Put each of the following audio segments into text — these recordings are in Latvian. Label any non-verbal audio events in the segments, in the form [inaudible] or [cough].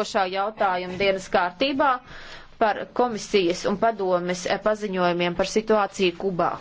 Košā jautājuma dienas kārtībā par komisijas un padomes eh, paziņojumiem par situāciju Kubā.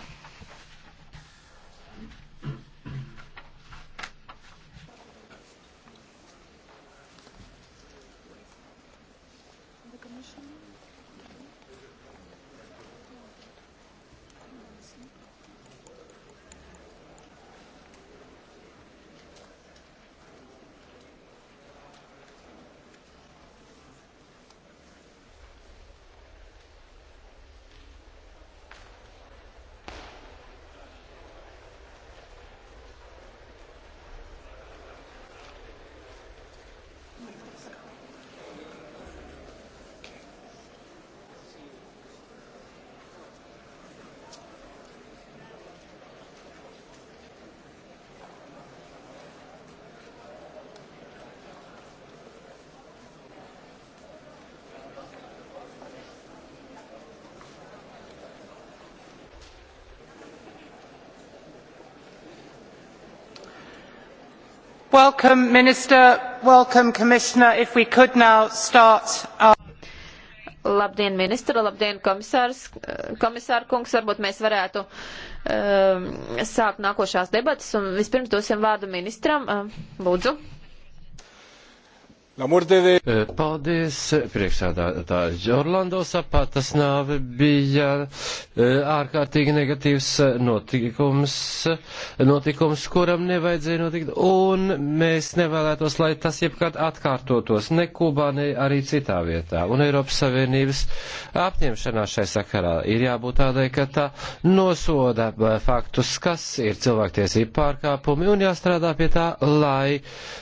Welcome, Minister. Welcome, Commissioner. If we could now start our... Labdien, ministra, labdien, komisārs, komisāra kungs. Varbūt mēs varētu um, sākt nākošās debatas un vispirms dosim vārdu ministram. Um, lūdzu. Eh, paldies, priekšsādātājs. Orlando Sapatas nāve bija eh, ārkārtīgi negatīvs eh, notikums, notikums, kuram nevajadzēja notikt, un mēs nevēlētos, lai tas jebkad atkārtotos ne Kubā, ne arī citā vietā. Un Eiropas Savienības apņemšanā šai sakarā ir jābūt tādai, ka tā nosoda faktus, kas ir cilvēktiesību pārkāpumi, un jāstrādā pie tā, lai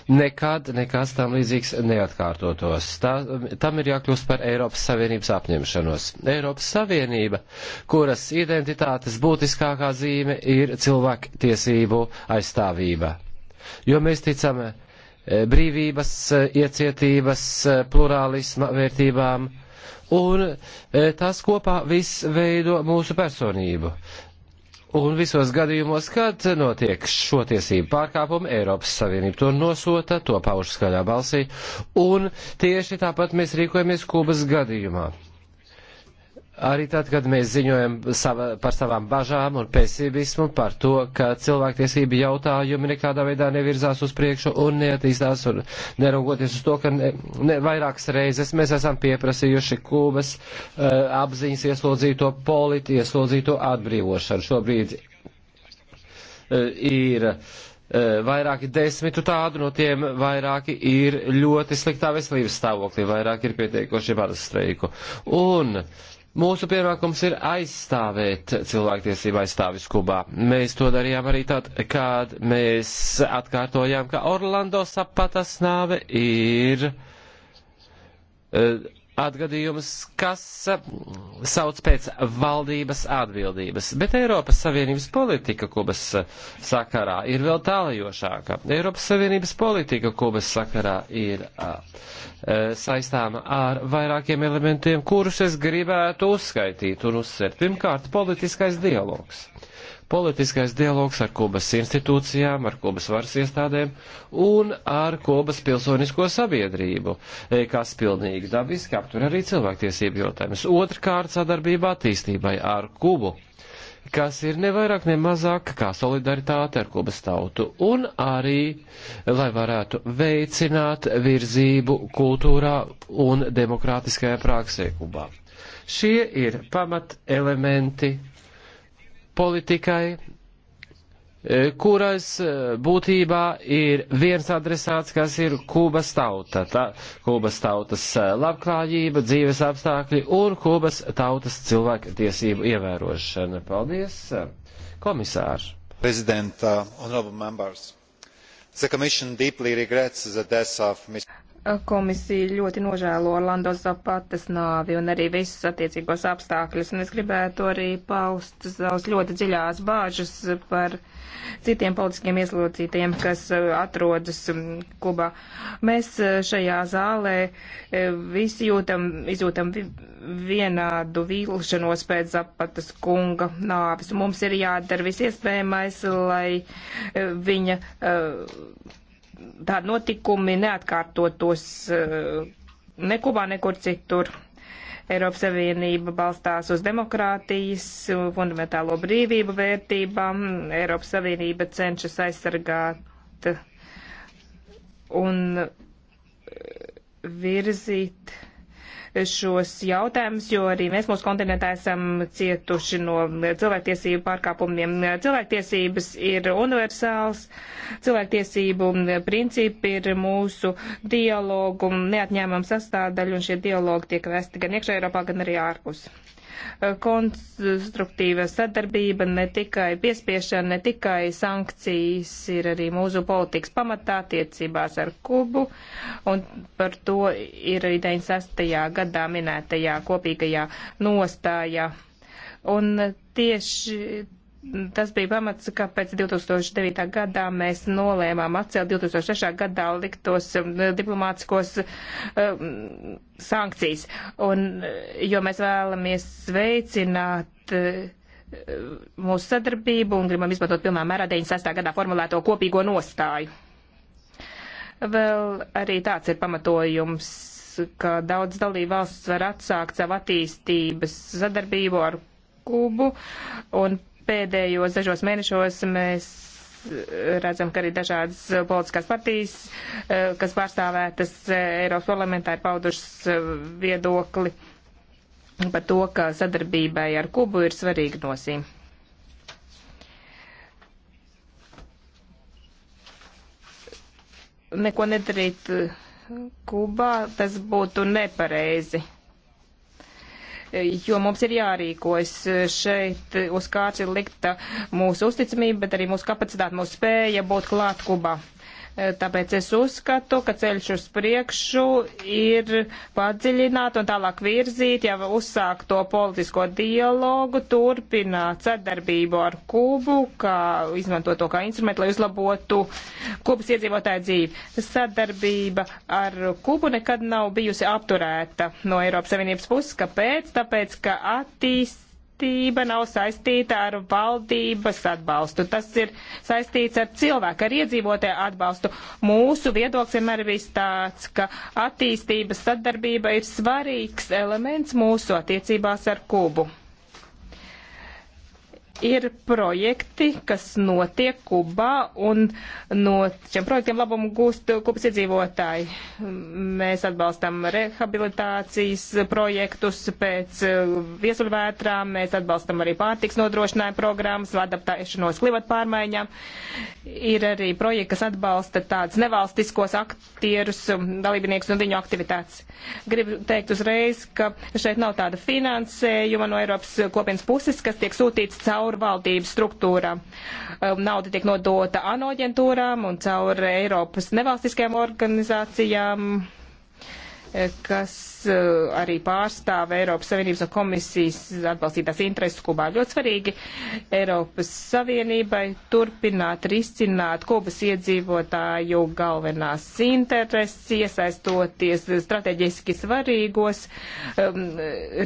nekad nekas tam līdzīgs neatkārtotos. Tā, tam ir jākļūst par Eiropas Savienības apņemšanos. Eiropas Savienība, kuras identitātes būtiskākā zīme ir cilvēku tiesību aizstāvība. Jo mēs ticam e, brīvības, e, iecietības, e, plurālisma vērtībām, un tas kopā viss veido mūsu personību. Un visos gadījumos, kad notiek šo tiesību pārkāpumu, Eiropas Savienība to nosota, to pauž skaļā balsī, un tieši tāpat mēs rīkojamies Kubas gadījumā. Arī tad, kad mēs ziņojam sava, par savām bažām un pesimismu, par to, ka cilvēktiesība jautājumi nekādā veidā nevirzās uz priekšu un neattīstās, un neraugoties uz to, ka ne, ne, vairākas reizes mēs esam pieprasījuši Kūbas uh, eh, apziņas ieslodzīto politi, ieslodzīto atbrīvošanu. Šobrīd uh, ir uh, vairāki desmitu tādu, no tiem vairāki ir ļoti sliktā veselības stāvoklī, vairāki ir pieteikoši varas streiku. Un, uh, Mūsu pienākums ir aizstāvēt cilvēktiesību aizstāvis Kubā. Mēs to darījām arī tad, kad mēs atkārtojām, ka Orlando Sapatas nāve ir uh, atgadījumus, kas eh, sauc pēc valdības atbildības. Bet Eiropas Savienības politika Kubas eh, sakarā ir vēl tālajošāka. Eiropas Savienības politika Kubas sakarā ir uh, saistāma ar vairākiem elementiem, kurus es gribētu uzskaitīt un uzsvērt. Pirmkārt, politiskais dialogs politiskais dialogs ar Kubas institūcijām, ar Kubas varas iestādēm un ar Kubas pilsonisko sabiedrību, e, kas pilnīgi dabiski aptver arī cilvēktiesību jautājumus. Otrkārt, sadarbība attīstībai ar Kubu kas ir nevairāk ne mazāk kā solidaritāte ar Kubas tautu, un arī, lai varētu veicināt virzību kultūrā un demokrātiskajā praksē Kubā. Šie ir pamat elementi politikai, e, kuras e, būtībā ir viens adresāts, kas ir Kūbas tauta, tā, Kūbas tautas e, labklājība, dzīves apstākļi un Kūbas tautas cilvēku tiesību ievērošana. Paldies, komisārs. President, uh, honorable members, the Commission deeply regrets the death of Mr komisija ļoti nožēlo Orlando Zapatas nāvi un arī visus attiecīgos apstākļus, un es gribētu arī paust savus ļoti dziļās bāžas par citiem politiskiem ieslodzītiem, kas eh, atrodas mm, Kubā. Mēs eh, šajā zālē eh, visi jūtam, izjūtam vienādu vīlšanos pēc Zapatas kunga nāvis, un mums ir jādara viss iespējamais, lai viņa tādi notikumi neatkārtotos eh, ne Kubā, nekur citur. Eiropas Savienība balstās uz demokrātijas, fundamentālo brīvību vērtībām. Eiropas Savienība cenšas aizsargāt un virzīt šos jautājumus, jo arī mēs mūsu kontinentā esam cietuši no cilvēktiesību pārkāpumiem. Cilvēktiesības ir universāls, cilvēktiesību principi ir mūsu dialogu neatņēmama sastāvdaļa, un šie dialogi tiek vesti gan iekšā Eiropā, gan arī ārpus konstruktīva sadarbība, ne tikai piespiešana, ne tikai sankcijas ir arī mūsu politikas pamatā attiecībās ar Kubu, un par to ir arī 96. gadā minētajā kopīgajā nostājā. Un tieši tas bija pamats, kāpēc 2009. gadā mēs nolēmām atcelt 2006. gadā liktos um, diplomātiskos uh, sankcijas, un, jo mēs vēlamies veicināt uh, mūsu sadarbību un gribam izmantot pilnā mērā 96. gadā formulēto kopīgo nostāju. Vēl arī tāds ir pamatojums, ka daudz dalībvalsts var atsākt savu attīstības sadarbību ar Kubu, un Pēdējos dažos mēnešos mēs eh, redzam, ka arī dažādas politiskās partijas, eh, kas pārstāvētas eh, Eiropas parlamentā, ir paudušas viedokli par to, ka sadarbībai ar Kubu ir svarīga nosīm. Neko nedarīt Kubā, tas būtu nepareizi jo mums ir jārīkojas šeit uz kārts ir likta mūsu uzticamība, bet arī mūsu kapacitāte, mūsu spēja būt klāt Kubā. Tāpēc es uzskatu, ka ceļš uz priekšu ir padziļināt un tālāk virzīt jau uzsākto politisko dialogu, turpināt sadarbību ar Kubu, kā izmantot to kā instrumentu, lai uzlabotu Kubas iedzīvotāju dzīvi. Sadarbība ar Kubu nekad nav bijusi apturēta no Eiropas Savienības puses. Kāpēc? Tāpēc, ka attīst vērtība nav saistīta ar valdības atbalstu. Tas ir saistīts ar cilvēku, ar iedzīvotāju atbalstu. Mūsu viedoklis vienmēr ir tāds, ka attīstības sadarbība ir svarīgs elements mūsu attiecībās ar Kubu ir projekti, kas notiek Kubā, un no šiem projektiem labumu gūst Kubas iedzīvotāji. Mēs atbalstam rehabilitācijas projektus pēc eh, viesuļvētrām, mēs atbalstam arī pārtiks nodrošinājumu programmas, adaptēšanos klimata pārmaiņām. Ir arī projekti, kas atbalsta tāds nevalstiskos aktierus, dalībniekus un viņu aktivitātes. Gribu teikt uzreiz, ka šeit nav tāda finansējuma no Eiropas kopienas puses, kas tiek sūtīts cauri caur valdības struktūrām. Um, nauda tiek nodota ANO aģentūrām un caur Eiropas nevalstiskajām organizācijām eh, kas eh, arī pārstāv Eiropas Savienības un komisijas atbalstītās intereses Kubā. Ļoti svarīgi Eiropas Savienībai turpināt risināt Kubas iedzīvotāju galvenās intereses, iesaistoties strateģiski svarīgos um,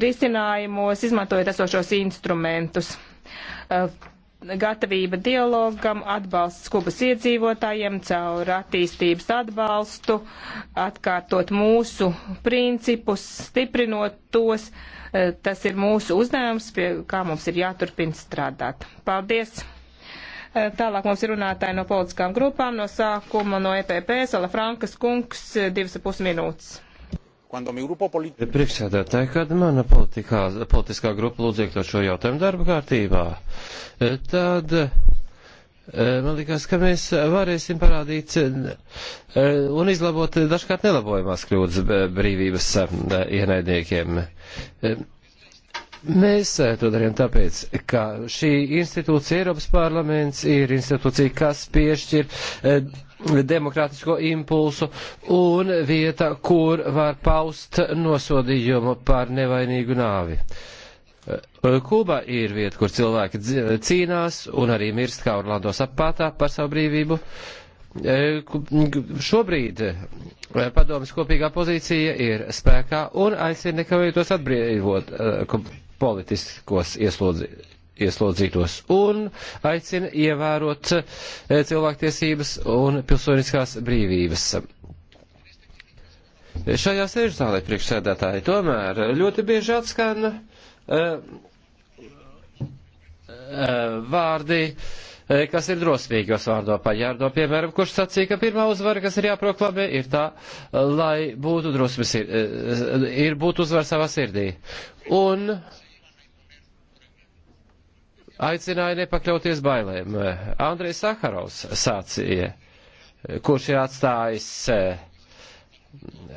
risinājumos, izmantojot esošos instrumentus. Eh, gatavība dialogam, atbalsts Kubas iedzīvotājiem caur attīstības atbalstu, atkārtot mūsu principus, stiprinot tos. Eh, tas ir mūsu uzdevums, pie kā mums ir jāturpina strādāt. Paldies! Eh, tālāk mums ir runātāji no politiskām grupām, no sākuma no EPP, Sala Frankas kungs, divas ap pus minūtes. Eh, priekšsēdētāji, kad mana politikā, politiskā grupa lūdz iekļaut šo jautājumu darba kārtībā, eh, tad eh, man liekas, ka mēs varēsim parādīt un izlabot dažkārt nelabojamās kļūdas brīvības ienaidniekiem. Mēs to darījām tāpēc, ka šī institūcija, Eiropas parlaments, ir institūcija, kas piešķir demokrātisko impulsu un vieta, kur var paust nosodījumu par nevainīgu nāvi. Kuba ir vieta, kur cilvēki cīnās un arī mirst kā Orlando sapātā par savu brīvību. E, šobrīd e, padomas kopīgā pozīcija ir spēkā un aicina nekavējotos atbrīvot e, politiskos ieslodzītos ieslodzītos un aicina ievērot eh, cilvēktiesības un pilsoniskās brīvības. Šajā sēžzālē priekšsēdētāji tomēr ļoti bieži atskan uh, uh, vārdi, uh, kas ir drosmīgos vārdo paģērdo, piemēram, kurš sacīja, ka pirmā uzvara, kas ir jāproklamē, ir tā, lai būtu drosmes, ir, ir būtu uzvara savā sirdī. Un uh, aicināja nepakļauties bailēm. Andrejs Sakarovs sācīja, kurš ir atstājis eh,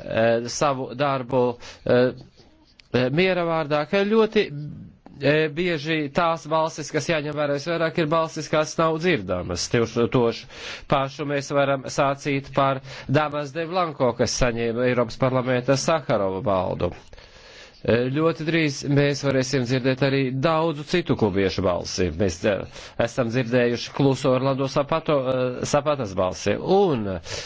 eh, savu darbu eh, miera vārdā, ka ļoti bieži tās balsis, kas jāņem vērā visvairāk, ir balsis, kas nav dzirdamas. Tošu pašu mēs varam sācīt par Damas de Blanko, kas saņēma Eiropas parlamenta Sakarova baldu. Ļoti drīz mēs varēsim dzirdēt arī daudzu citu klubiešu balsi. Mēs eh, esam dzirdējuši kluso Orlando Sapato, eh, Sapatas balsi. Un eh,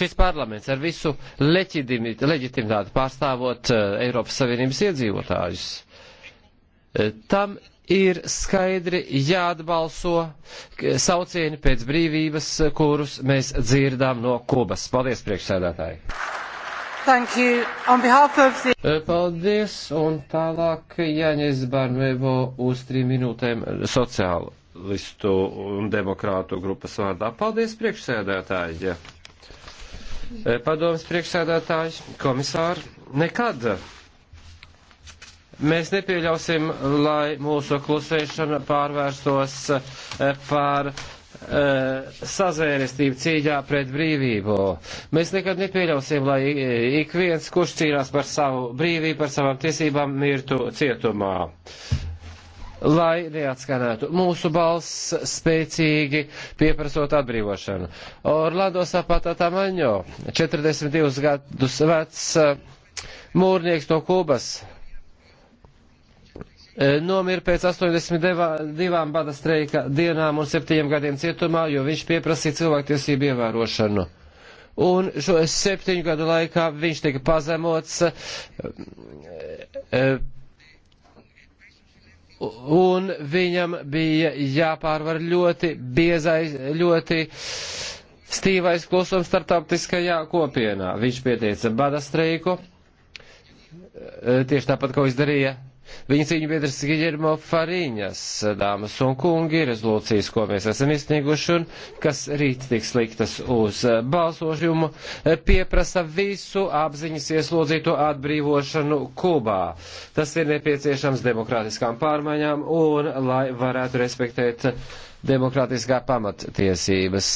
šis parlaments ar visu leģitimitāti pārstāvot Eiropas Savienības iedzīvotājus. Tam ir skaidri jāatbalso saucieni pēc brīvības, kurus mēs dzirdām no Kubas. Paldies, priekšsēdētāji! The... Eh, paldies, un tālāk Jāņez Barnevo uz trim minūtēm sociālistu un demokrātu grupas vārdā. Paldies, priekšsēdētāji! Eh, padomas priekšsēdētājs, komisāri, nekad mēs nepieļausim, lai mūsu klusēšana pārvērstos eh, par Uh, sazvērestību cīņā pret brīvību. Mēs nekad nepieļausim, lai uh, ik viens, kurš cīnās par savu brīvību, par savām tiesībām, mirtu cietumā. Lai neatskanētu mūsu balss spēcīgi pieprasot atbrīvošanu. Orlando Sapata Tamaņo, 42 gadus vecs uh, mūrnieks no Kubas, E, nomira pēc 82 bada streika dienām un septiņiem gadiem cietumā, jo viņš pieprasīja cilvēktiesību ievērošanu. Un šo septiņu gadu laikā viņš tika pazemots e, e, un viņam bija jāpārvar ļoti biezais, ļoti stīvais klusums starptautiskajā kopienā. Viņš pieteica bada streiku, tieši tāpat, ko izdarīja Viņa cīņu biedrs Giļermo Fariņas, dāmas un kungi, rezolūcijas, ko mēs esam izsnieguši un kas rīt tiks liktas uz eh, balsošumu, eh, pieprasa visu apziņas ieslodzīto atbrīvošanu Kubā. Tas ir nepieciešams demokrātiskām pārmaiņām un lai varētu respektēt eh, demokrātiskā pamattiesības.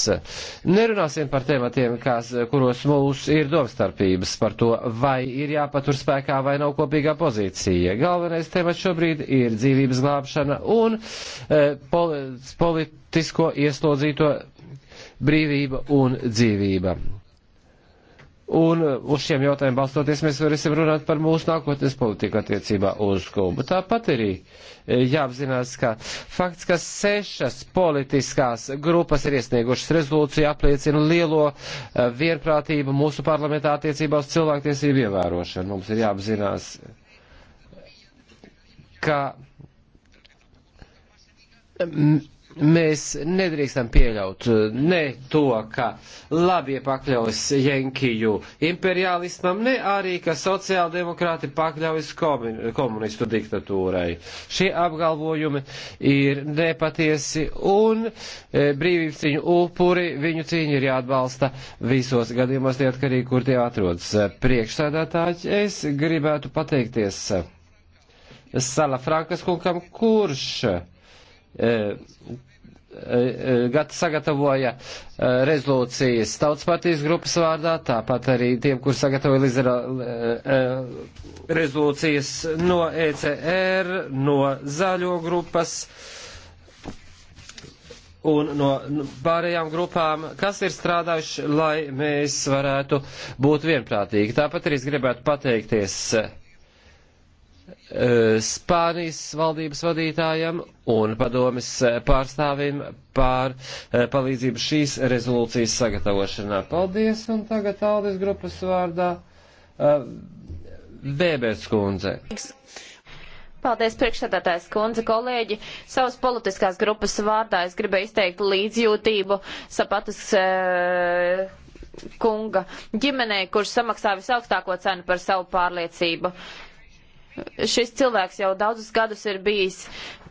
Nerunāsim par tematiem, kās, kuros mūs ir domstarpības par to, vai ir jāpatur spēkā vai nav kopīgā pozīcija. Galvenais temats šobrīd ir dzīvības glābšana un e, pol politisko ieslodzīto brīvība un dzīvība. Un uh, uz šiem jautājumiem balstoties mēs varēsim runāt par mūsu nākotnes politiku attiecībā uz Kubu. Tāpat arī uh, jāapzinās, ka fakts, ka sešas politiskās grupas ir iesniegušas rezolūciju, apliecina lielo uh, vienprātību mūsu parlamentā attiecībā uz cilvēktiesību ievērošanu. Mums ir jāapzinās, ka mēs nedrīkstam pieļaut eh, ne to, ka labie pakļaujas Jenkiju imperialismam, ne arī, ka sociāldemokrāti pakļaujas komunistu diktatūrai. Šie apgalvojumi ir nepatiesi un eh, brīvības cīņu upuri, viņu cīņa ir jāatbalsta visos gadījumos, neatkarīgi, kur tie atrodas. Priekšsēdētāji, es gribētu pateikties Sala Frankas kungam, kurš E, e, e, sagatavoja rezolūcijas tautas partijas grupas vārdā, tāpat arī tiem, kur sagatavoja līdzera, rezolūcijas no ECR, no zaļo grupas un no pārējām grupām, kas ir strādājuši, lai mēs varētu būt vienprātīgi. Tāpat arī es gribētu pateikties Eh, Spānijas valdības vadītājam un padomis eh, pārstāvim pār eh, palīdzību šīs rezolūcijas sagatavošanā. Paldies, un tagad Aldis grupas vārdā Bēbēs kundze. Paldies, priekšsēdētājs kundze, kolēģi. Savas politiskās grupas vārdā es gribēju izteikt līdzjūtību sapatas. E kunga ģimenei, kurš samaksā visaugstāko cenu par savu pārliecību. Uh, šis cilvēks jau daudzus gadus ir bijis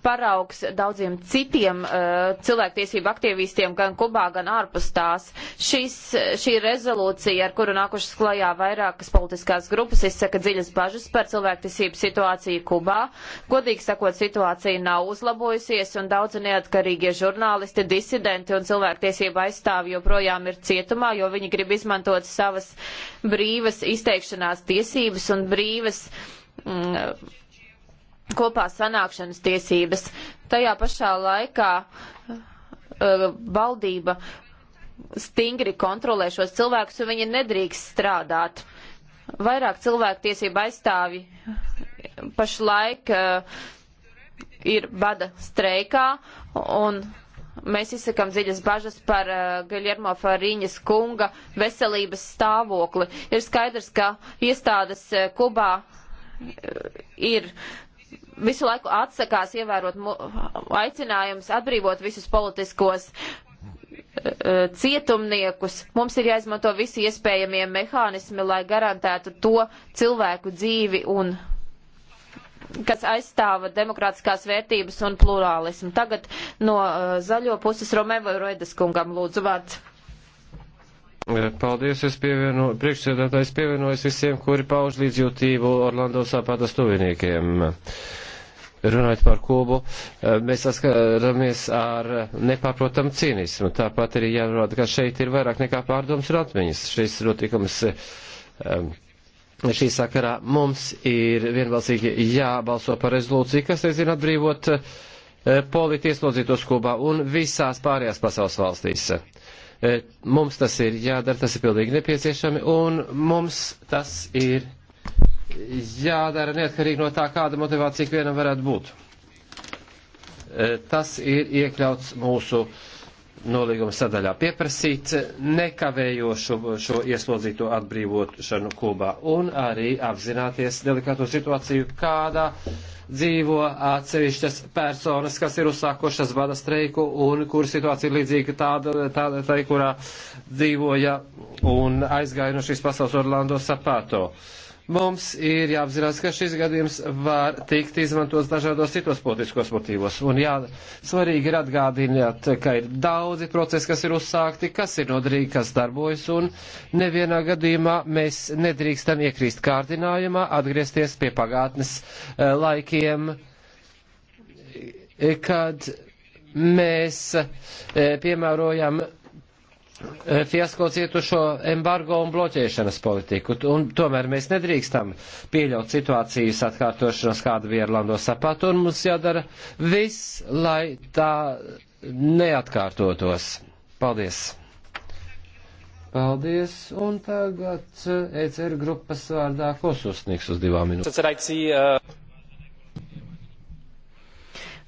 paraugs daudziem citiem uh, cilvēktiesību aktīvistiem gan Kubā, gan ārpus tās. Šis, šī rezolūcija, ar kuru nākušas klajā vairākas politiskās grupas, izsaka dziļas bažas par cilvēktiesību situāciju Kubā. Godīgi sakot, situācija nav uzlabojusies un daudzi neatkarīgie žurnālisti, disidenti un cilvēktiesību aizstāvi joprojām ir cietumā, jo viņi grib izmantot savas brīvas izteikšanās tiesības un brīvas uh, mm, kopā sanākšanas tiesības. Tajā pašā laikā uh, valdība stingri kontrolē šos cilvēkus, un viņi nedrīkst strādāt. Vairāk cilvēktiesība aizstāvi pašlaik uh, ir bada streikā, un mēs izsakam dziļas bažas par uh, eh, Gaļermo Fariņas kunga veselības stāvokli. Ir skaidrs, ka iestādes uh, Kubā ir visu laiku atsakās ievērot aicinājumus atbrīvot visus politiskos e, cietumniekus. Mums ir jāizmanto visi iespējamie mehānismi, lai garantētu to cilvēku dzīvi un kas aizstāva demokrātiskās vērtības un plurālismu. Tagad no e, zaļo puses Romeva Roidas kungam lūdzu vārds. Eh, paldies, es pievieno, priekšsēdētājs pievienojas visiem, kuri pauž līdzjūtību Orlando Sāpātas tuviniekiem. Runājot par Kubu, eh, mēs saskaramies ar nepārprotamu cīnismu. Tāpat arī jārunāt, ka šeit ir vairāk nekā pārdoms un atmiņas. Šis notikums eh, šī sakarā mums ir vienbalsīgi jābalso par rezolūciju, kas, nezinu, atbrīvot politieslodzītos Kubā un visās pārējās pasaules valstīs. E, mums tas ir jādara, tas ir pilnīgi nepieciešami, un mums tas ir jādara neatkarīgi no tā, kāda motivācija ikvienam varētu būt. E, tas ir iekļauts mūsu uh, nolīguma sadaļā pieprasīts nekavējošu šo ieslodzīto atbrīvošanu Kubā un arī apzināties delikāto situāciju, kādā dzīvo atsevišķas personas, kas ir uzsākošas bada streiku un kur situācija ir līdzīga tāda, tāda tai, kurā dzīvoja un aizgāja no šīs pasaules Orlando Sapato. Uh, Mums ir jāapzinās, ka šis gadījums var tikt izmantots dažādos citos politiskos motīvos. Un jā, svarīgi ir atgādināt, ka ir daudzi procesi, kas ir uzsākti, kas ir noderīgi, kas darbojas, un nevienā gadījumā mēs nedrīkstam iekrīst kārdinājumā, atgriezties pie pagātnes eh, laikiem, eh, kad mēs eh, piemērojam Eh, fiasko cietušo embargo un bloķēšanas politiku. Un tomēr mēs nedrīkstam pieļaut situācijas atkārtošanos, kāda bija ar Lando Sapatu, un mums jādara viss, lai tā neatkārtotos. Paldies! Paldies, un tagad ECR eh, e grupas vārdā Kosusnieks uz divām minūtēm. Eh,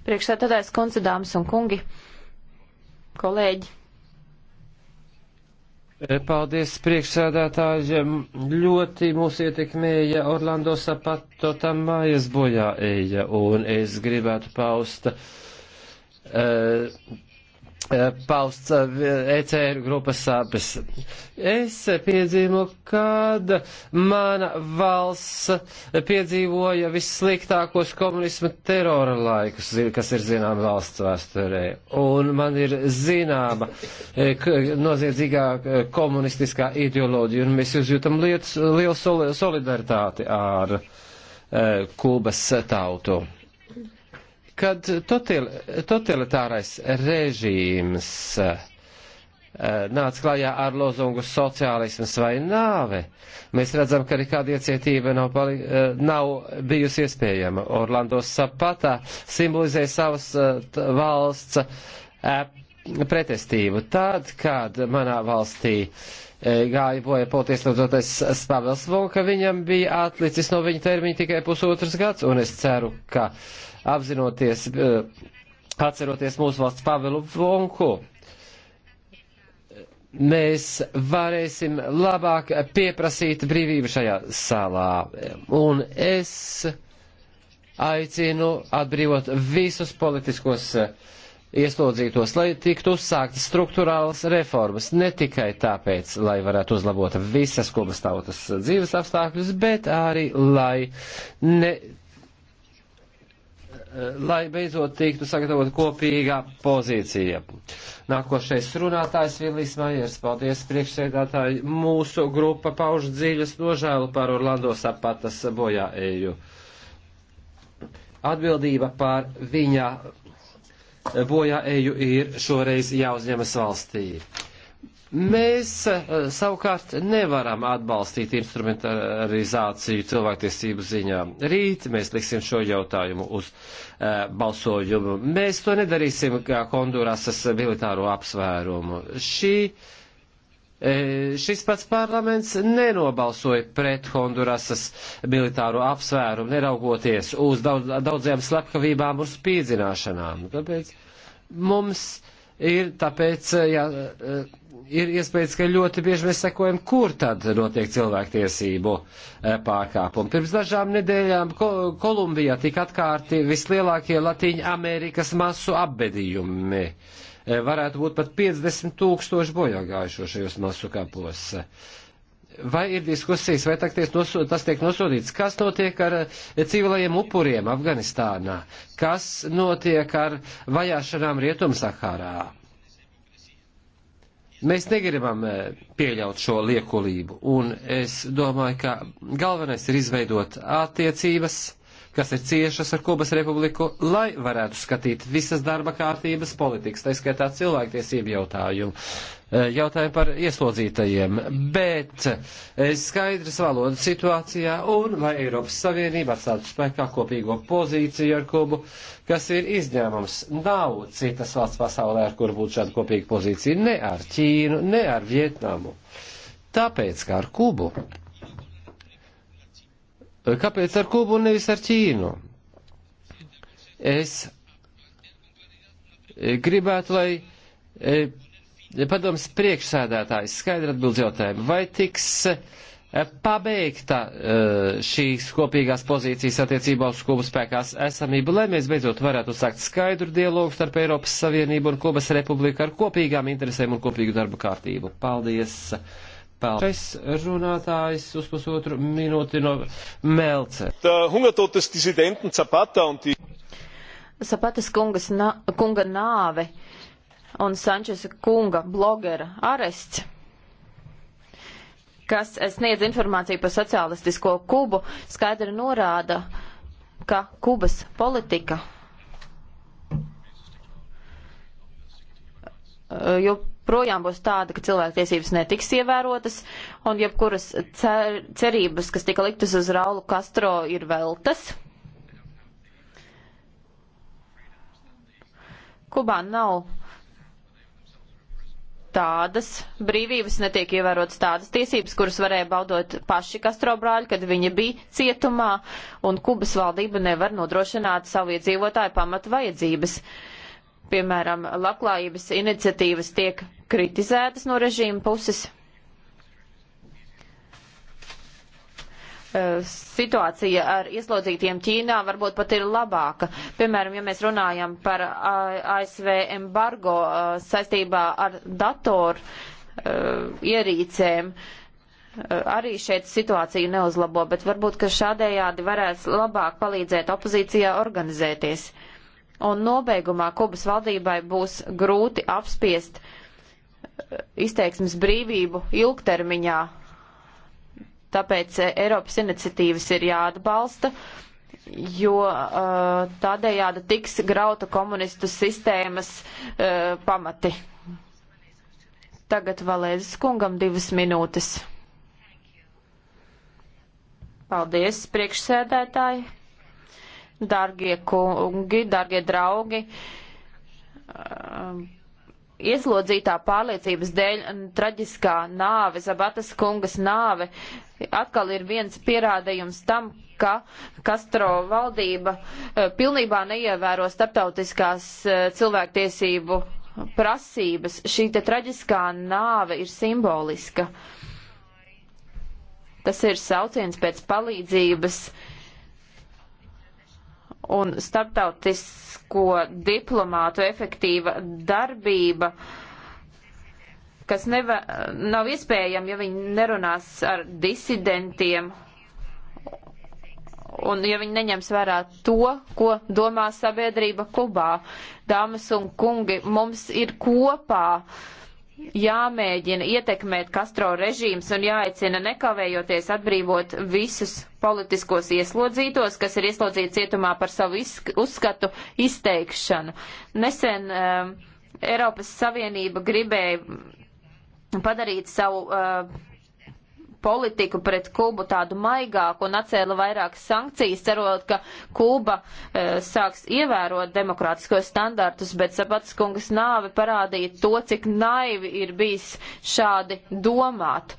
Priekšsētājs Konsidāms un kungi, kolēģi. Paldies priekšsēdētājiem. Ļoti mūs ietekmēja Orlando Sapato tam mājas bojā eja, un es gribētu paust uh, Eh, pausts ECR eh, e grupas sāpes. Es eh, piedzīvo, kad mana valsts piedzīvoja vissliktākos komunisma terora laikus, kas ir zinām valsts vēsturē. Un man ir zināma noziedzīgā komunistiskā ideoloģija, un mēs uzjūtam lietas, lielu solidaritāti ar Kūbas tautu kad totil, totalitārais režīms eh, nāca klajā ar lozungu sociālisms vai nāve, mēs redzam, ka nekāda iecietība nav, pali, eh, nav bijusi iespējama. Orlando Sapata simbolizē savas eh, valsts pretestību. Tad, kad manā valstī gāja bojā potieslūdzotais Spavels Volka, viņam bija atlicis no viņa termiņa tikai pusotras gads, un es ceru, ka uh, apzinoties, eh, atceroties mūsu valsts Pavelu Vonku, mēs varēsim labāk pieprasīt brīvību šajā salā. Un es aicinu atbrīvot visus politiskos eh, ieslodzītos, lai tiktu uzsāktas struktūrālas reformas, ne tikai tāpēc, lai varētu uzlabot visas Kubas tautas dzīves apstākļus, bet arī, lai ne lai beidzot tiktu sagatavot kopīgā pozīcija. Nākošais runātājs Vilnis Majers, paldies priekšsēdātāji. Mūsu grupa pauž dziļas nožēlu par Orlando Sapatas bojā eju. Atbildība pār viņa bojā eju ir šoreiz jāuzņemas valstī. Mēs eh, savukārt nevaram atbalstīt instrumentarizāciju cilvēktiesību ziņā. Rīt mēs liksim šo jautājumu uz uh, balsojumu. Mēs to nedarīsim kā Hondurasas militāro apsvērumu. Šī, eh, šis pats parlaments nenobalsoja pret Hondurasas militāro apsvērumu, neraugoties uz daudz, daudzajām slepkavībām un spīdzināšanām. Tāpēc mums ir tāpēc jā. Ja, ir iespējas, ka ļoti bieži mēs sekojam, kur tad notiek cilvēktiesību eh, pārkāpumi. Pirms dažām nedēļām Kolumbijā tika atkārti vislielākie Latīņa Amerikas masu apbedījumi. Eh, varētu būt pat 50 tūkstoši bojāgājušo šajos masu kapos. Vai ir diskusijas, vai nosod, tas tiek nosodīts? Kas notiek ar eh, civilajiem upuriem Afganistānā? Kas notiek ar vajāšanām Rietumsahārā? Mēs negribam eh, pieļaut šo liekulību, un es domāju, ka galvenais ir izveidot attiecības, kas ir ciešas ar Kubas republiku, lai varētu skatīt visas darba kārtības politikas, tā skaitā cilvēktiesību jautājumu, Eh, jautājumu par ieslodzītajiem, bet eh, skaidrs valodas situācijā un lai Eiropas Savienība atstātu spēkā kopīgo pozīciju ar Kubu, kas ir izņēmums. Nav citas valsts pasaulē, ar kur būtu šāda kopīga pozīcija, ne ar Ķīnu, ne ar Vietnamu. Tāpēc kā ar Kubu. Eh, kāpēc ar Kubu un nevis ar Ķīnu? Es gribētu, lai Padoms priekšsēdētājs skaidri atbild jautājumu, vai tiks eh, pabeigta eh, šīs kopīgās pozīcijas attiecībā uz Kubas spēkās esamību, lai mēs beidzot varētu uzsākt skaidru dialogu starp Eiropas Savienību un Kubas Republiku ar kopīgām interesēm un kopīgu darbu kārtību. Paldies! Paldies! Runātājs uz pusotru minūti no Melce. Hungertotes disidenten Zapata un tī. Zapatas kungas, na, kunga nāve un Sančesa kunga blogera arests, kas sniedz informāciju par sociālistisko Kubu, skaidri norāda, ka Kubas politika eh, joprojām būs tāda, ka cilvēktiesības netiks ievērotas, un jebkuras cer cerības, kas tika liktas uz Raulu Castro, ir veltas. Kubā nav tādas brīvības, netiek ievērotas tādas tiesības, kuras varēja baudot paši Kastro brāļi, kad viņi bija cietumā, un Kubas valdība nevar nodrošināt savu iedzīvotāju pamatu vajadzības. Piemēram, labklājības iniciatīvas tiek kritizētas no režīma puses, Eh, situācija ar ieslodzītiem Ķīnā varbūt pat ir labāka. Piemēram, ja mēs runājam par ASV embargo eh, saistībā ar datoru eh, ierīcēm, arī šeit situāciju neuzlabo, bet varbūt, ka šādējādi varēs labāk palīdzēt opozīcijā organizēties. Un nobeigumā Kubas valdībai būs grūti apspiest izteiksmes brīvību ilgtermiņā, Tāpēc eh, Eiropas iniciatīvas ir jāatbalsta, jo uh, tādējādi tiks grauta komunistu sistēmas uh, pamati. Tagad Valēzes kungam divas minūtes. Paldies, priekšsēdētāji, dārgie kungi, dārgie draugi. Uh, ieslodzītā pārliecības dēļ traģiskā nāve, Zabatas kungas nāve, atkal ir viens pierādījums tam, ka Kastro valdība e, pilnībā neievēro starptautiskās e, cilvēktiesību prasības. Šī te traģiskā nāve ir simboliska. Tas ir sauciens pēc palīdzības uh, un starptautisko diplomātu efektīva darbība, kas neva, nav iespējama, ja viņi nerunās ar disidentiem un ja viņi neņems vērā to, ko domā sabiedrība Kubā. Dāmas un kungi, mums ir kopā uh, jāmēģina ietekmēt Kastro režīms un jāaicina nekavējoties atbrīvot visus politiskos ieslodzītos, kas ir ieslodzīti cietumā par savu uzskatu izteikšanu. Nesen um, Eiropas Savienība gribēja padarīt savu uh, politiku pret Kubu tādu maigāku un atcēla vairākas sankcijas, cerot, ka Kuba e, sāks ievērot demokrātiskos standartus, bet Sabats kungas nāve parādīja to, cik naivi ir bijis šādi domāt.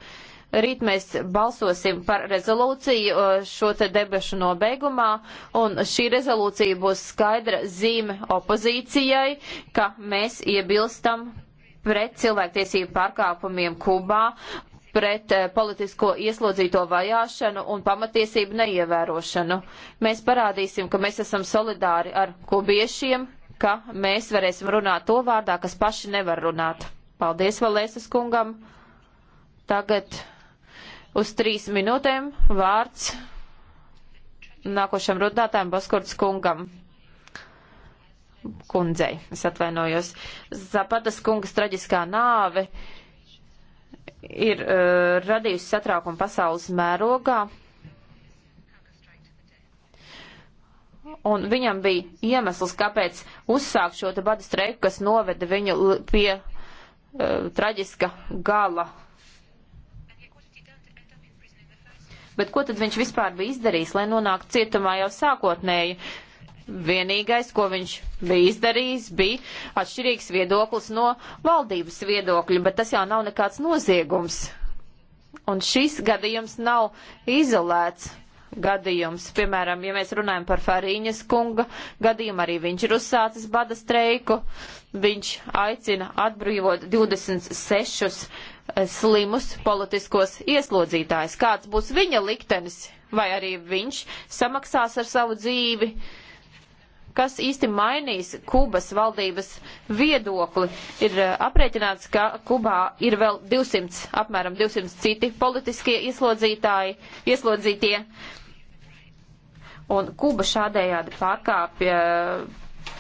Rīt mēs balsosim par rezolūciju e, šo te debašu nobeigumā, un šī rezolūcija būs skaidra zīme opozīcijai, ka mēs iebilstam pret cilvēktiesību pārkāpumiem Kubā, pret eh, politisko ieslodzīto vajāšanu un pamatiesību neievērošanu. Mēs parādīsim, ka mēs esam solidāri ar kubiešiem, ka mēs varēsim runāt to vārdā, kas paši nevar runāt. Paldies Valēsas kungam. Tagad uz trīs minūtēm vārds nākošam runātājam Baskurts kungam kundzei, es atvainojos. Zapatas kungas traģiskā nāve ir uh, radījusi satraukumu pasaules mērogā. Un viņam bija iemesls, kāpēc uzsākt šo te bada streiku, kas noveda viņu pie uh, traģiska gala. Bet ko tad viņš vispār bija izdarījis, lai nonāktu cietumā jau sākotnēji? Uh, Vienīgais, ko viņš bija izdarījis, bija atšķirīgs viedoklis no valdības viedokļa, bet tas jau nav nekāds noziegums. Un šis gadījums nav izolēts gadījums. Piemēram, ja mēs runājam par Fariņas kunga gadījumu, arī viņš ir uzsācis bada streiku. Viņš aicina atbrīvot 26 eh, slimus politiskos ieslodzītājus. Kāds būs viņa liktenis? Vai arī viņš samaksās ar savu dzīvi? Uh, kas īsti mainīs Kubas valdības viedokli. Ir eh, aprēķināts, ka Kubā ir vēl 200, apmēram 200 citi politiskie ieslodzītāji, ieslodzītie. Un Kuba šādējādi pārkāpja eh,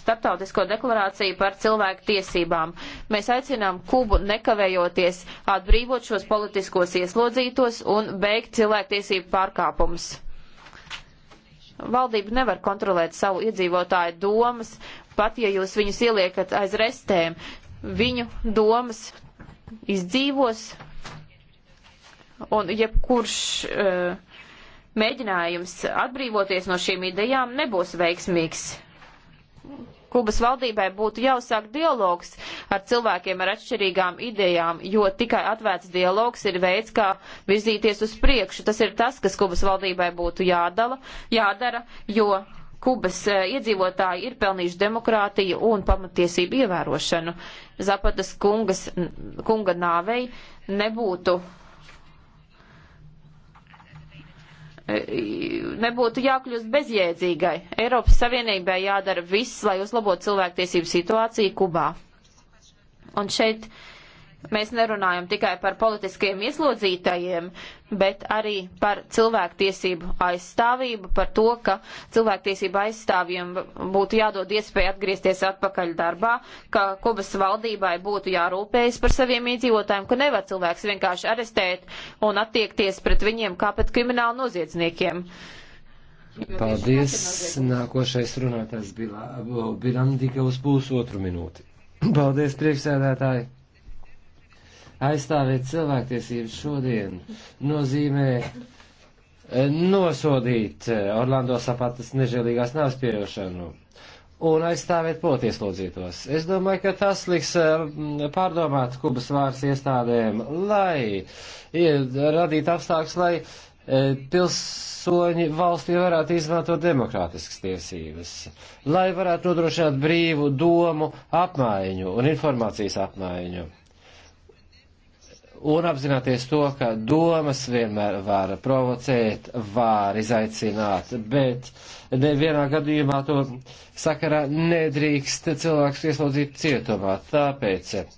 starptautisko deklarāciju par cilvēku tiesībām. Mēs aicinām Kubu nekavējoties atbrīvot šos politiskos ieslodzītos un beigt cilvēktiesību pārkāpumus. Valdība nevar kontrolēt savu iedzīvotāju domas, pat ja jūs viņus ieliekat aiz restēm. Viņu domas izdzīvos, un jebkurš uh, mēģinājums atbrīvoties no šīm idejām nebūs veiksmīgs. Kubas valdībai būtu jāuzsāk dialogs ar cilvēkiem ar atšķirīgām idejām, jo tikai atvērts dialogs ir veids, kā virzīties uz priekšu. Tas ir tas, kas Kubas valdībai būtu jādala, jādara, jo Kubas eh, iedzīvotāji ir pelnījuši demokrātiju un pamatiesību ievērošanu. Zapatas kungas, kunga nāvei nebūtu E, nebūtu jākļūst bezjēdzīgai. Eiropas Savienībai jādara viss, lai uzlabotu cilvēktiesību situāciju Kubā. Un šeit Mēs nerunājam tikai par politiskiem ieslodzītajiem, bet arī par cilvēktiesību aizstāvību, par to, ka cilvēktiesību aizstāvjiem būtu jādod iespēja atgriezties atpakaļ darbā, ka Kubas valdībai būtu jārūpējas par saviem iedzīvotājiem, ka nevar cilvēks vienkārši arestēt un attiekties pret viņiem kā pret kriminālu noziedzniekiem. Paldies. Nākošais runātājs Bilandika uz pusotru minūti. [clears throat] Paldies, priekšsēdētāji aizstāvēt cilvēktiesības šodien nozīmē eh, nosodīt eh, Orlando sapatas nežēlīgās nāves pieļaušanu un aizstāvēt politieslodzītos. Es domāju, ka tas liks eh, pārdomāt Kubas vārds iestādēm, lai radītu apstākļus, lai pilsoņi valstī varētu izmantot demokrātiskas tiesības, lai varētu nodrošināt brīvu domu apmaiņu un informācijas apmaiņu un apzināties to, ka domas vienmēr var provocēt, var izaicināt, bet nevienā gadījumā to sakarā nedrīkst cilvēks ieslodzīt cietumā. Tāpēc uh,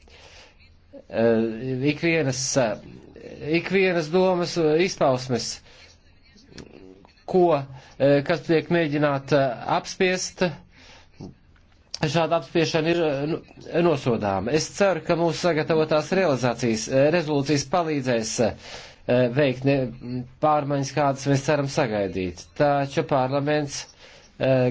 ikvienas, uh, ikvienas domas uh, izpausmes, ko, uh, kas tiek mēģināt uh, apspiest, uh, šāda apspiešana ir eh, nu, nosodāma. Es ceru, ka mūsu sagatavotās realizācijas eh, rezolūcijas palīdzēs eh, veikt ne, pārmaiņas, kādas mēs ceram sagaidīt. Taču parlaments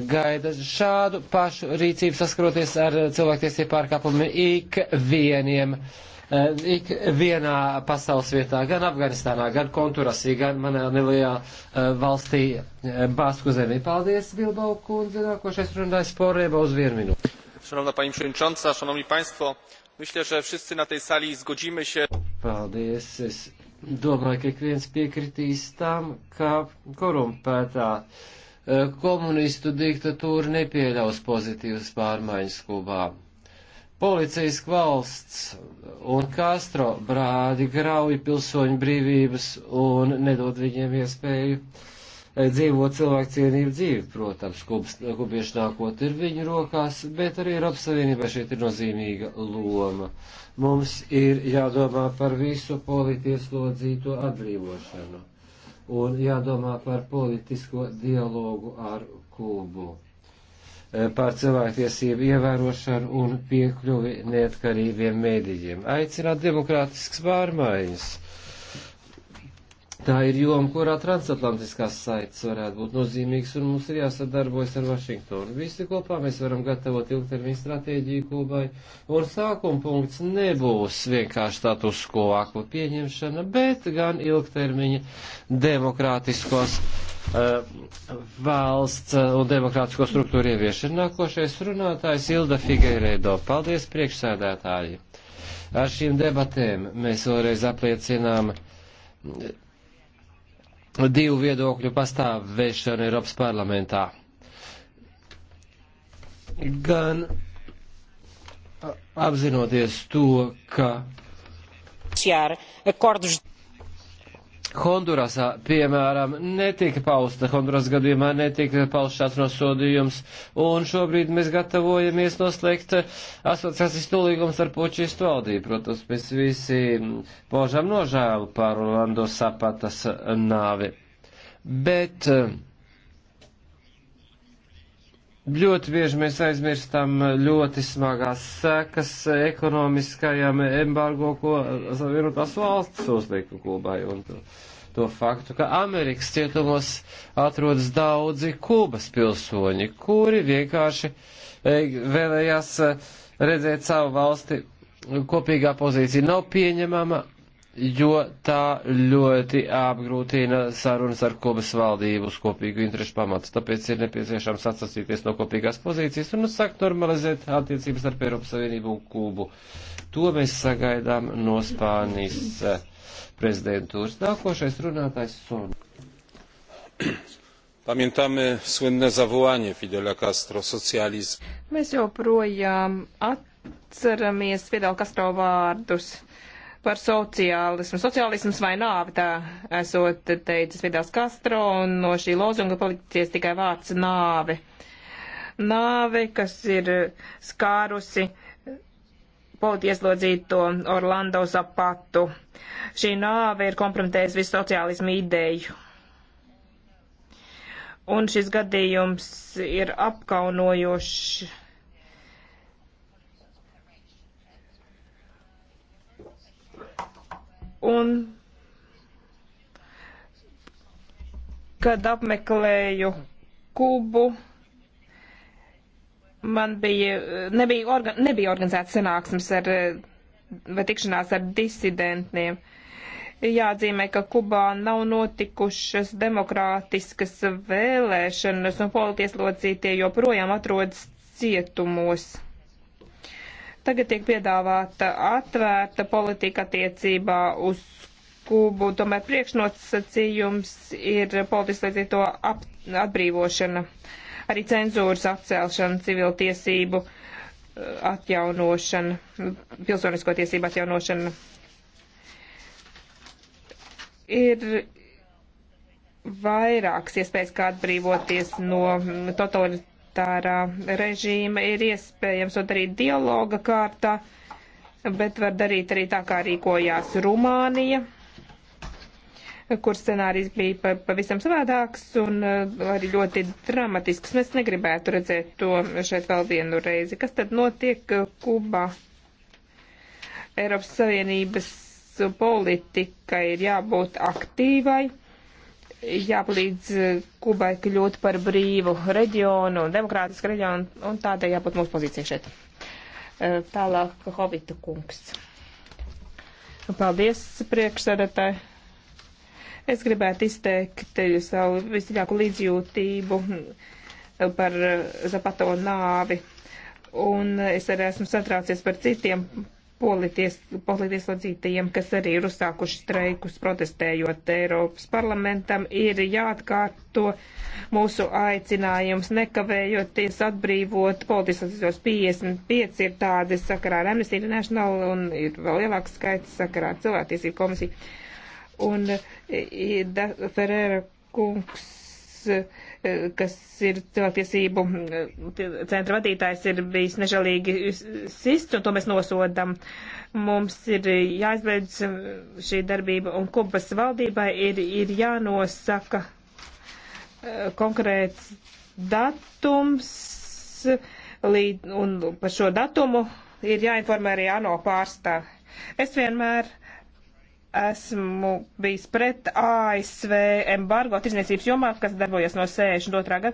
gaida šādu pašu rīcību saskaroties ar cilvēktiesību pārkāpumiem ik vieniem uh, Eh, ik vienā pasaules vietā, gan Afganistānā, gan Konturasī, gan manā nelielā eh, valstī eh, Basku zemī. Paldies, Bilbao kundze, nākošais runājs porēba uz vienu minūti. Szanowna Pani Przewodnicząca, Szanowni Państwo, myślę, że wszyscy na tej sali zgodzimy się. Paldies, es domāju, ka ik viens piekritīs tam, ka korumpētā komunistu diktatūra nepieļaus pozitīvas pārmaiņas Kubā policijas valsts un Kastro brāļi grauj pilsoņu brīvības un nedod viņiem iespēju eh, dzīvot cilvēkcienību dzīvi. Protams, kubiešu nākotne ir viņu rokās, bet arī Eiropas Savienībai šeit ir nozīmīga loma. Mums ir jādomā par visu politieslodzīto atbrīvošanu un jādomā par politisko dialogu ar Kubu Eh, pār cilvēktiesību ievērošanu un piekļuvi neatkarīgiem mēdījiem. Aicināt demokrātiskas pārmaiņas. Tā ir joma, kurā transatlantiskās saites varētu būt nozīmīgas, un mums ir jāsadarbojas ar Vašingtonu. Visi kopā mēs varam gatavot ilgtermiņu stratēģiju Kubai, un sākuma punkts nebūs vienkārši status quo aklu pieņemšana, bet gan ilgtermiņa demokrātiskos Uh, valsts uh, un demokrātisko struktūru ieviešana. Nākošais runātājs Ilda Figeiredo. Paldies, priekšsēdētāji! Ar šīm debatēm mēs vēlreiz apliecinām uh, divu viedokļu pastāvēšanu Eiropas parlamentā. Gan apzinoties to, ka. Akordus Hondurasā, piemēram, netika pausta, Honduras gadījumā netika pausta šāds nosodījums, un šobrīd mēs gatavojamies noslēgt asociācijas nolīgums ar počistu valdību. Protams, mēs visi paužam nožēlu par Orlando Sapatas nāvi. Bet uh, Ļoti bieži mēs aizmirstam ļoti smagās sekas ekonomiskajam embargo, ko Savienotās valsts uzlika Kubai, un to, to faktu, ka Amerikas cietumos atrodas daudzi Kubas pilsoņi, kuri vienkārši e, vēlējās e, redzēt savu valsti kopīgā pozīcija nav pieņemama jo tā ļoti apgrūtina sarunas ar Kubas valdību uz kopīgu interešu pamatu. Tāpēc ir nepieciešams atsacīties no kopīgās pozīcijas un sākt normalizēt attiecības ar Eiropas Savienību un Kubu. To mēs sagaidām no Spānijas eh, prezidentūras. Nākošais runātājs Son. [clears throat] Pamiętamy słynne zawołanie Fidela Castro, socjalizm. Mēs joprojām atceramies Fidel Castro vārdus. Uh, par sociālismu. Sociālisms vai nāve, tā esot teicis Vidāls Kastro, un no šī lozunga palicies tikai vārds nāve. Nāve, kas ir skārusi politieslodzīto Orlando Zapatu. Šī nāve ir kompromitējusi visu sociālismu ideju. Un šis gadījums ir apkaunojošs Un kad apmeklēju Kubu, man bija, nebija, orga, nebija organizēta sanāksmes ar, vai tikšanās ar disidentiem. Jāatzīmē, ka Kubā nav notikušas demokrātiskas vēlēšanas un politieslodzītie joprojām atrodas cietumos. Tagad tiek piedāvāta atvērta politika attiecībā uz Kubu, tomēr priekšnosacījums ir politisklietieto atbrīvošana, arī cenzūras atcelšana, civiltiesību uh, atjaunošana, pilsonisko tiesību atjaunošana. Ir vairākas iespējas, kā atbrīvoties no totalitāra totalitārā režīma ir iespējams to darīt dialoga kārtā, bet var darīt arī tā, kā rīkojās Rumānija, kur scenārijs bija pavisam savādāks un uh, arī ļoti dramatisks. Mēs negribētu redzēt to šeit vēl vienu reizi. Kas tad notiek uh, Kubā? Eiropas Savienības politika ir jābūt aktīvai jāpalīdz eh, Kubai kļūt par brīvu reģionu un demokrātisku reģionu, un tādēļ jābūt mūsu pozīcija šeit. Eh, tālāk Hovita kungs. Paldies, priekšsēdētāji. Es gribētu izteikt savu visdziļāko līdzjūtību eh, par Zapato nāvi, un es arī esmu satraucies par citiem politieslodzītajiem, kas arī ir uzsākuši streikus protestējot Eiropas parlamentam, ir jāatkārto mūsu aicinājums nekavējoties atbrīvot politieslodzītos 55 ir tādi sakarā ar Amnesty International un ir vēl lielāks skaits sakarā ar cilvēktiesību komisiju. Un eh, Ferēra kungs kas ir cilvēktiesību eh, centra vadītājs, ir bijis nežēlīgi sists, un to mēs nosodam. Mums ir jāizbeidz eh, šī darbība, un Kubas valdībai ir, ir jānosaka eh, konkrēts datums, un par šo datumu ir jāinformē arī ANO pārstāvi. Es vienmēr esmu bijis pret ASV embargo tirzniecības jomā, kas darbojas no 62. gada.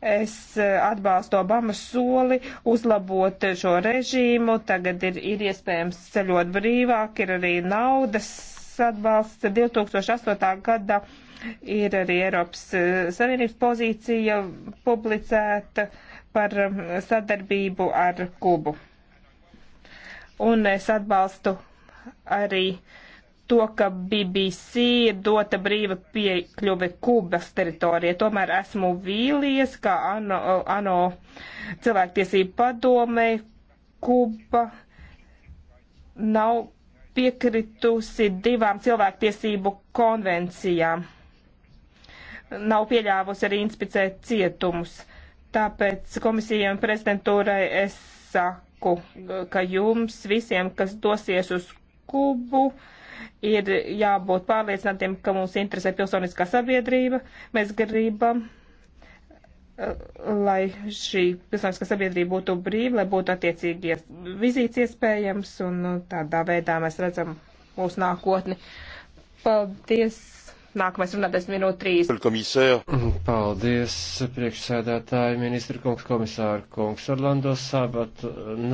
Es eh, atbalstu Obamas soli uzlabot šo režīmu, tagad ir, ir iespējams ceļot brīvāk, ir arī naudas atbalsts 2008. gada, ir arī Eiropas eh, Savienības pozīcija publicēta par eh, sadarbību ar Kubu. Un es atbalstu arī uh, to, ka BBC ir dota brīva piekļuve Kubas teritorijai. Tomēr esmu vīlies, ka ANO, ANO cilvēktiesību padomē Kuba nav piekritusi divām cilvēktiesību konvencijām. Nav pieļāvusi arī inspicēt cietumus. Tāpēc komisijai un prezidentūrai es saku, ka jums visiem, kas dosies uz Kubu, uh, ir jābūt pārliecinātiem, ka mums interesē pilsoniskā sabiedrība. Mēs gribam, eh, lai šī pilsoniskā sabiedrība būtu brīva, lai būtu attiecīgie vizīts iespējams, un eh, tādā veidā mēs redzam mūsu nākotni. Paldies! Nākamais runātais minūte trīs. Paldies, priekšsēdētāji, ministri kungs, komisāri kungs. Orlando sabat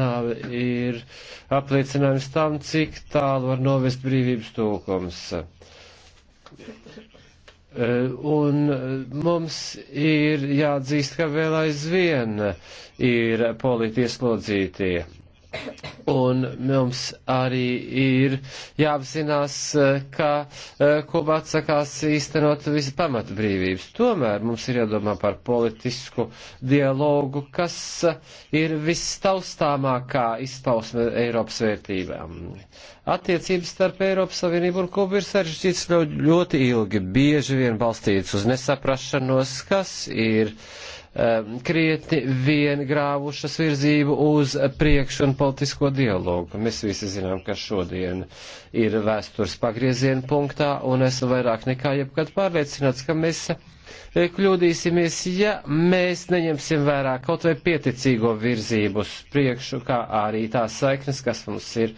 nāve ir apliecinājums tam, cik tālu var novest brīvības tūkums. E, un mums ir jāatzīst, ka vēl aizvien ir politieslodzītie. Un mums arī ir jāapzinās, ka e, Kuba atsakās īstenot visu pamatbrīvības. Tomēr mums ir jādomā par politisku dialogu, kas ir vistaustāmākā izpausme Eiropas vērtībām. Attiecības starp Eiropas Savienību un Kubu ir sarežģītas ļoti ilgi, bieži vien balstītas uz nesaprašanos, kas ir. Uh, Ehm, krietni vien grāvušas virzību uz priekšu un politisko dialogu. Mēs visi zinām, ka šodien ir vēstures pagrieziena punktā, un esmu vairāk nekā jebkad pārliecināts, ka mēs eh, kļūdīsimies, ja mēs neņemsim vērā kaut vai pieticīgo virzību uz priekšu, kā arī tās saiknes, kas mums ir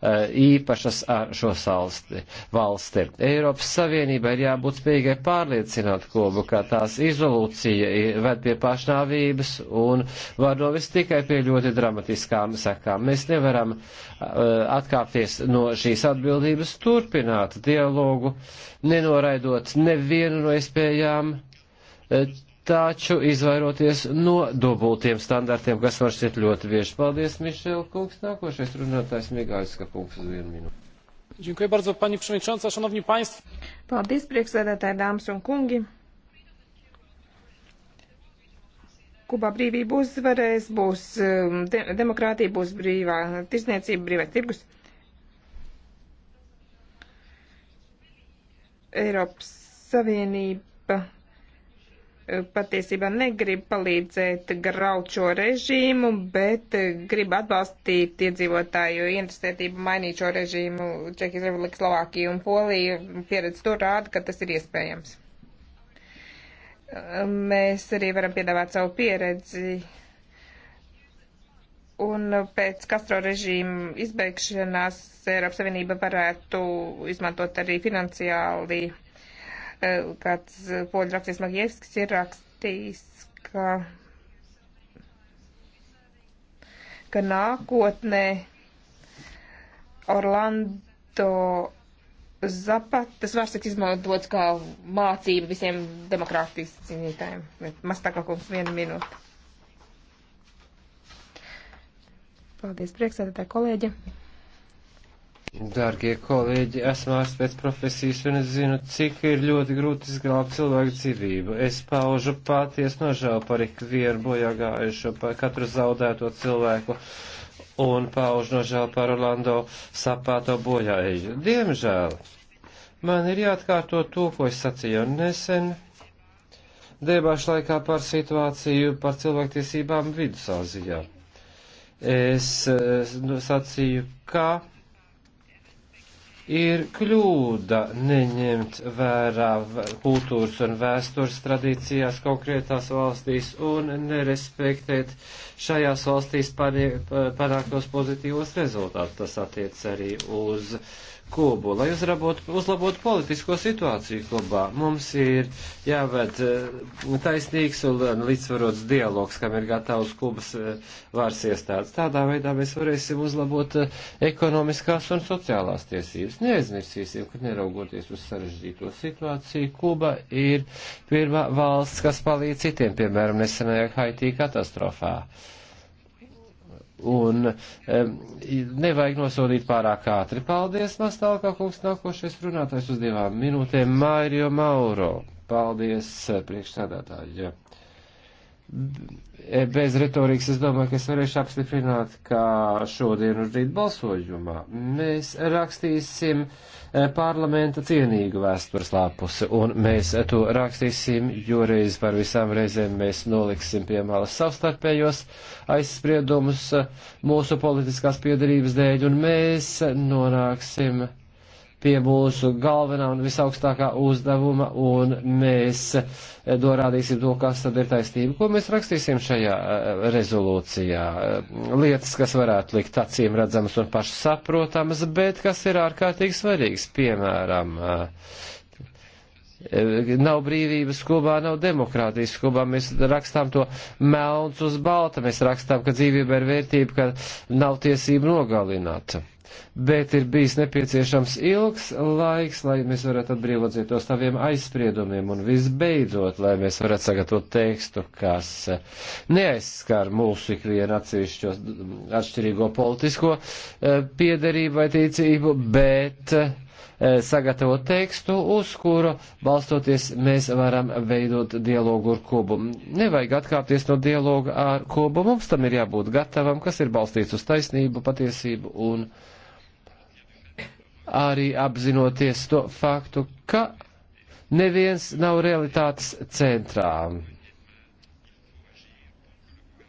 Eh, īpašas ar šo salsti, valsti. Eiropas Savienība ir jābūt spējīgai pārliecināt Kubu, ka tās izolūcija ved pie pašnāvības un var novest tikai pie ļoti dramatiskām sekām. Mēs nevaram eh, atkāpties no šīs atbildības, turpināt dialogu, nenoraidot nevienu no iespējām eh, taču izvairoties no dubultiem standartiem, kas var šķiet ļoti vieši. Paldies, Mišel kungs. Nākošais runātājs Migāļska kungs uz vienu minūti. Dziękuję bardzo, pani przewodnicząca, szanowni państwo. Paldies, priekšsēdētāji, dāmas un kungi. Kubā brīvība uzvarēs, būs um, de demokrātija, būs brīvā tirsniecība, brīvais tirgus. Eiropas Savienība patiesībā negrib palīdzēt graut šo režīmu, bet grib atbalstīt iedzīvotāju interesētību mainīt šo režīmu. Čehijas Republika, Slovākija un Polija pieredze to rāda, ka tas ir iespējams. Mēs arī varam piedāvāt savu pieredzi. Un pēc Castro režīmu izbeigšanās Eiropas Savienība varētu izmantot arī finansiāli kāds poļu rakstnieks Magievskis ir rakstījis, ka, ka nākotnē Orlando Zapatas vārds tiks izmantots kā mācība visiem demokrātijas cīnītājiem. Mastākā kungs vienu minūti. Paldies, priekšsēdētāji kolēģi. Dārgie kolēģi, esmu ārsts pēc profesijas un es zinu, cik ir ļoti grūti izglābt cilvēku dzīvību. Es paužu paties nožēlu par ikvienu bojā gājušo, par katru zaudēto cilvēku un pauž nožēlu par Orlando sapāto bojāeju. Diemžēl man ir jāatkārto to, ko es sacīju nesen debašu laikā par situāciju par cilvēktiesībām Vidusāzijā. Es eh, nu, sacīju, ka ir kļūda neņemt vērā kultūras un vēstures tradīcijās konkrētās valstīs un nerespektēt šajās valstīs panāktos pozitīvos rezultātus. Tas attiec arī uz uh, Kubu, lai uzrabotu, uzlabotu politisko situāciju Kubā. Mums ir jāved eh, taisnīgs un eh, līdzsvarots dialogs, kam ir gatavs Kubas eh, vārs iestādes. Tādā veidā mēs varēsim uzlabot ekonomiskās un sociālās tiesības. Neaizmirsīsim, ka neraugoties uz sarežģīto situāciju, Kuba ir pirmā valsts, kas palīdz citiem, piemēram, nesenajā Haitī katastrofā. Uh, un um, nevajag nosodīt pārāk ātri. Paldies, Mastālkā kungs, nākošais runātājs uz divām minūtēm, Mairio Mauro. Paldies, priekšsēdētāji bez retorikas es domāju, ka es varēšu apstiprināt, ka šodien un rīt balsojumā mēs rakstīsim eh, parlamenta cienīgu vēstures lapusi, un mēs to rakstīsim, jo reiz par visām reizēm mēs noliksim pie malas savstarpējos aizspriedumus eh, mūsu politiskās piedarības dēļ, un mēs nonāksim pie mūsu galvenā un visaugstākā uzdevuma, un mēs dorādīsim eh, to, kas tad ir taisnība, ko mēs rakstīsim šajā eh, rezolūcijā. Eh, lietas, kas varētu likt acīm redzamas un pašsaprotamas, bet kas ir ārkārtīgi svarīgs, piemēram, nav brīvības Kubā, nav demokrātijas Kubā. Mēs rakstām to melns uz balta, mēs rakstām, ka dzīvība ir vērtība, ka nav tiesība nogalināt bet ir bijis nepieciešams ilgs laiks, lai mēs varētu atbrīvoties no saviem aizspriedumiem un visbeidzot, lai mēs varētu sagatavot tekstu, kas neaizskar mūsu ikvienu atsevišķo atšķirīgo politisko eh, piederību vai ticību, bet eh, sagatavo tekstu, uz kuru balstoties mēs varam veidot dialogu ar Kubu. Nevajag atkāpties no dialoga ar Kubu, mums tam ir jābūt gatavam, kas ir balstīts uz taisnību, patiesību un arī apzinoties to faktu, ka neviens nav realitātes centrā.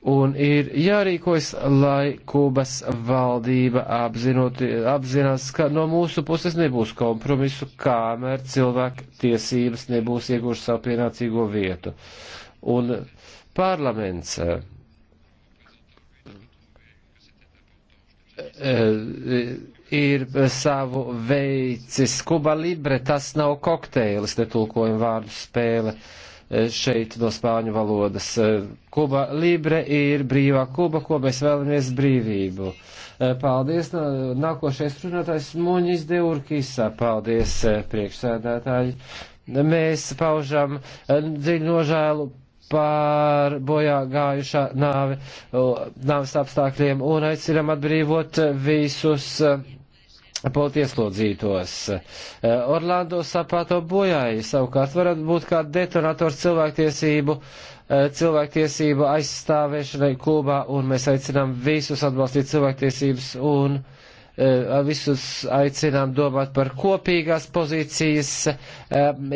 Un ir jārīkojas, lai Kubas valdība apzinot, apzinās, ka no mūsu puses nebūs kompromisu, kamēr cilvēku tiesības nebūs ieguvuši savu pienācīgo vietu. Un parlaments e, e, ir savu veicis Kuba Libre, tas nav kokteilis, netulkojam vārdu spēle e, šeit no spāņu valodas. E, Kuba Libre ir brīvā Kuba, ko mēs vēlamies brīvību. E, Paldies, nākošais runātājs Muņis Deurkisa. Paldies, priekšsēdētāji. Mēs paužam dziļu nožēlu par bojā gājušā nāvi, nāves apstākļiem un aicinam atbrīvot visus politieslodzītos. Eh, Orlando Sapato bojāja savukārt varat būt kā detonators cilvēktiesību, eh, cilvēktiesību aizstāvēšanai Kubā, un mēs aicinām visus atbalstīt cilvēktiesības un eh, visus aicinām domāt par kopīgās pozīcijas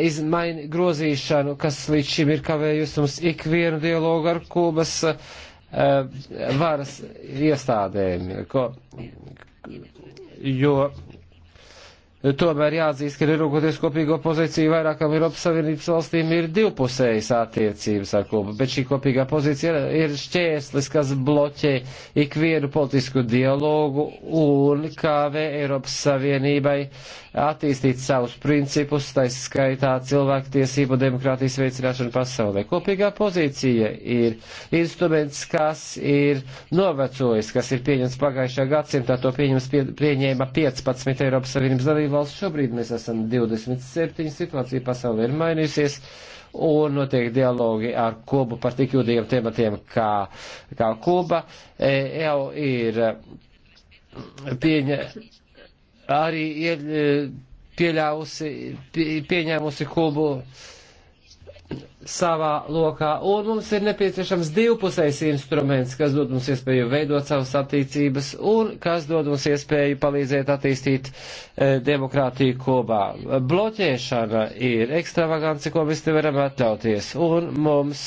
izmaini, grozīšanu, kas līdz šim ir kavējusi mums ikvienu dialogu ar Kubas varas iestādēm. Ko, jo Tomēr jāatzīst, ka neraugoties kopīgo pozīciju vairākam Eiropas Savienības valstīm ir divpusējas attiecības ar Kubu, bet šī kopīgā pozīcija ir šķērslis, kas bloķē ikvienu politisku dialogu un kāvē Eiropas Savienībai attīstīt savus principus, taisa skaitā cilvēktiesību demokrātijas veicināšanu pasaulē. Kopīgā pozīcija ir instruments, kas ir novecojis, kas ir pieņems pagājušā gadsimtā, to pieņems, pie, pieņēma 15 Eiropas Savienības dalību valsts. Šobrīd mēs esam 27, situācija pasaulē ir mainījusies un notiek dialogi ar Kubu par tik jūtīgiem tematiem kā, kā Kuba. E, jau ir eh, pieņa, arī ir, eh, pieļausi, pie, pieņēmusi Kubu savā lokā, un mums ir nepieciešams divpusējs instruments, kas dod mums iespēju veidot savas attīstības un kas dod mums iespēju palīdzēt attīstīt e, demokrātiju kopā. Bloķēšana ir ekstravaganci, ko mēs nevaram atļauties, un mums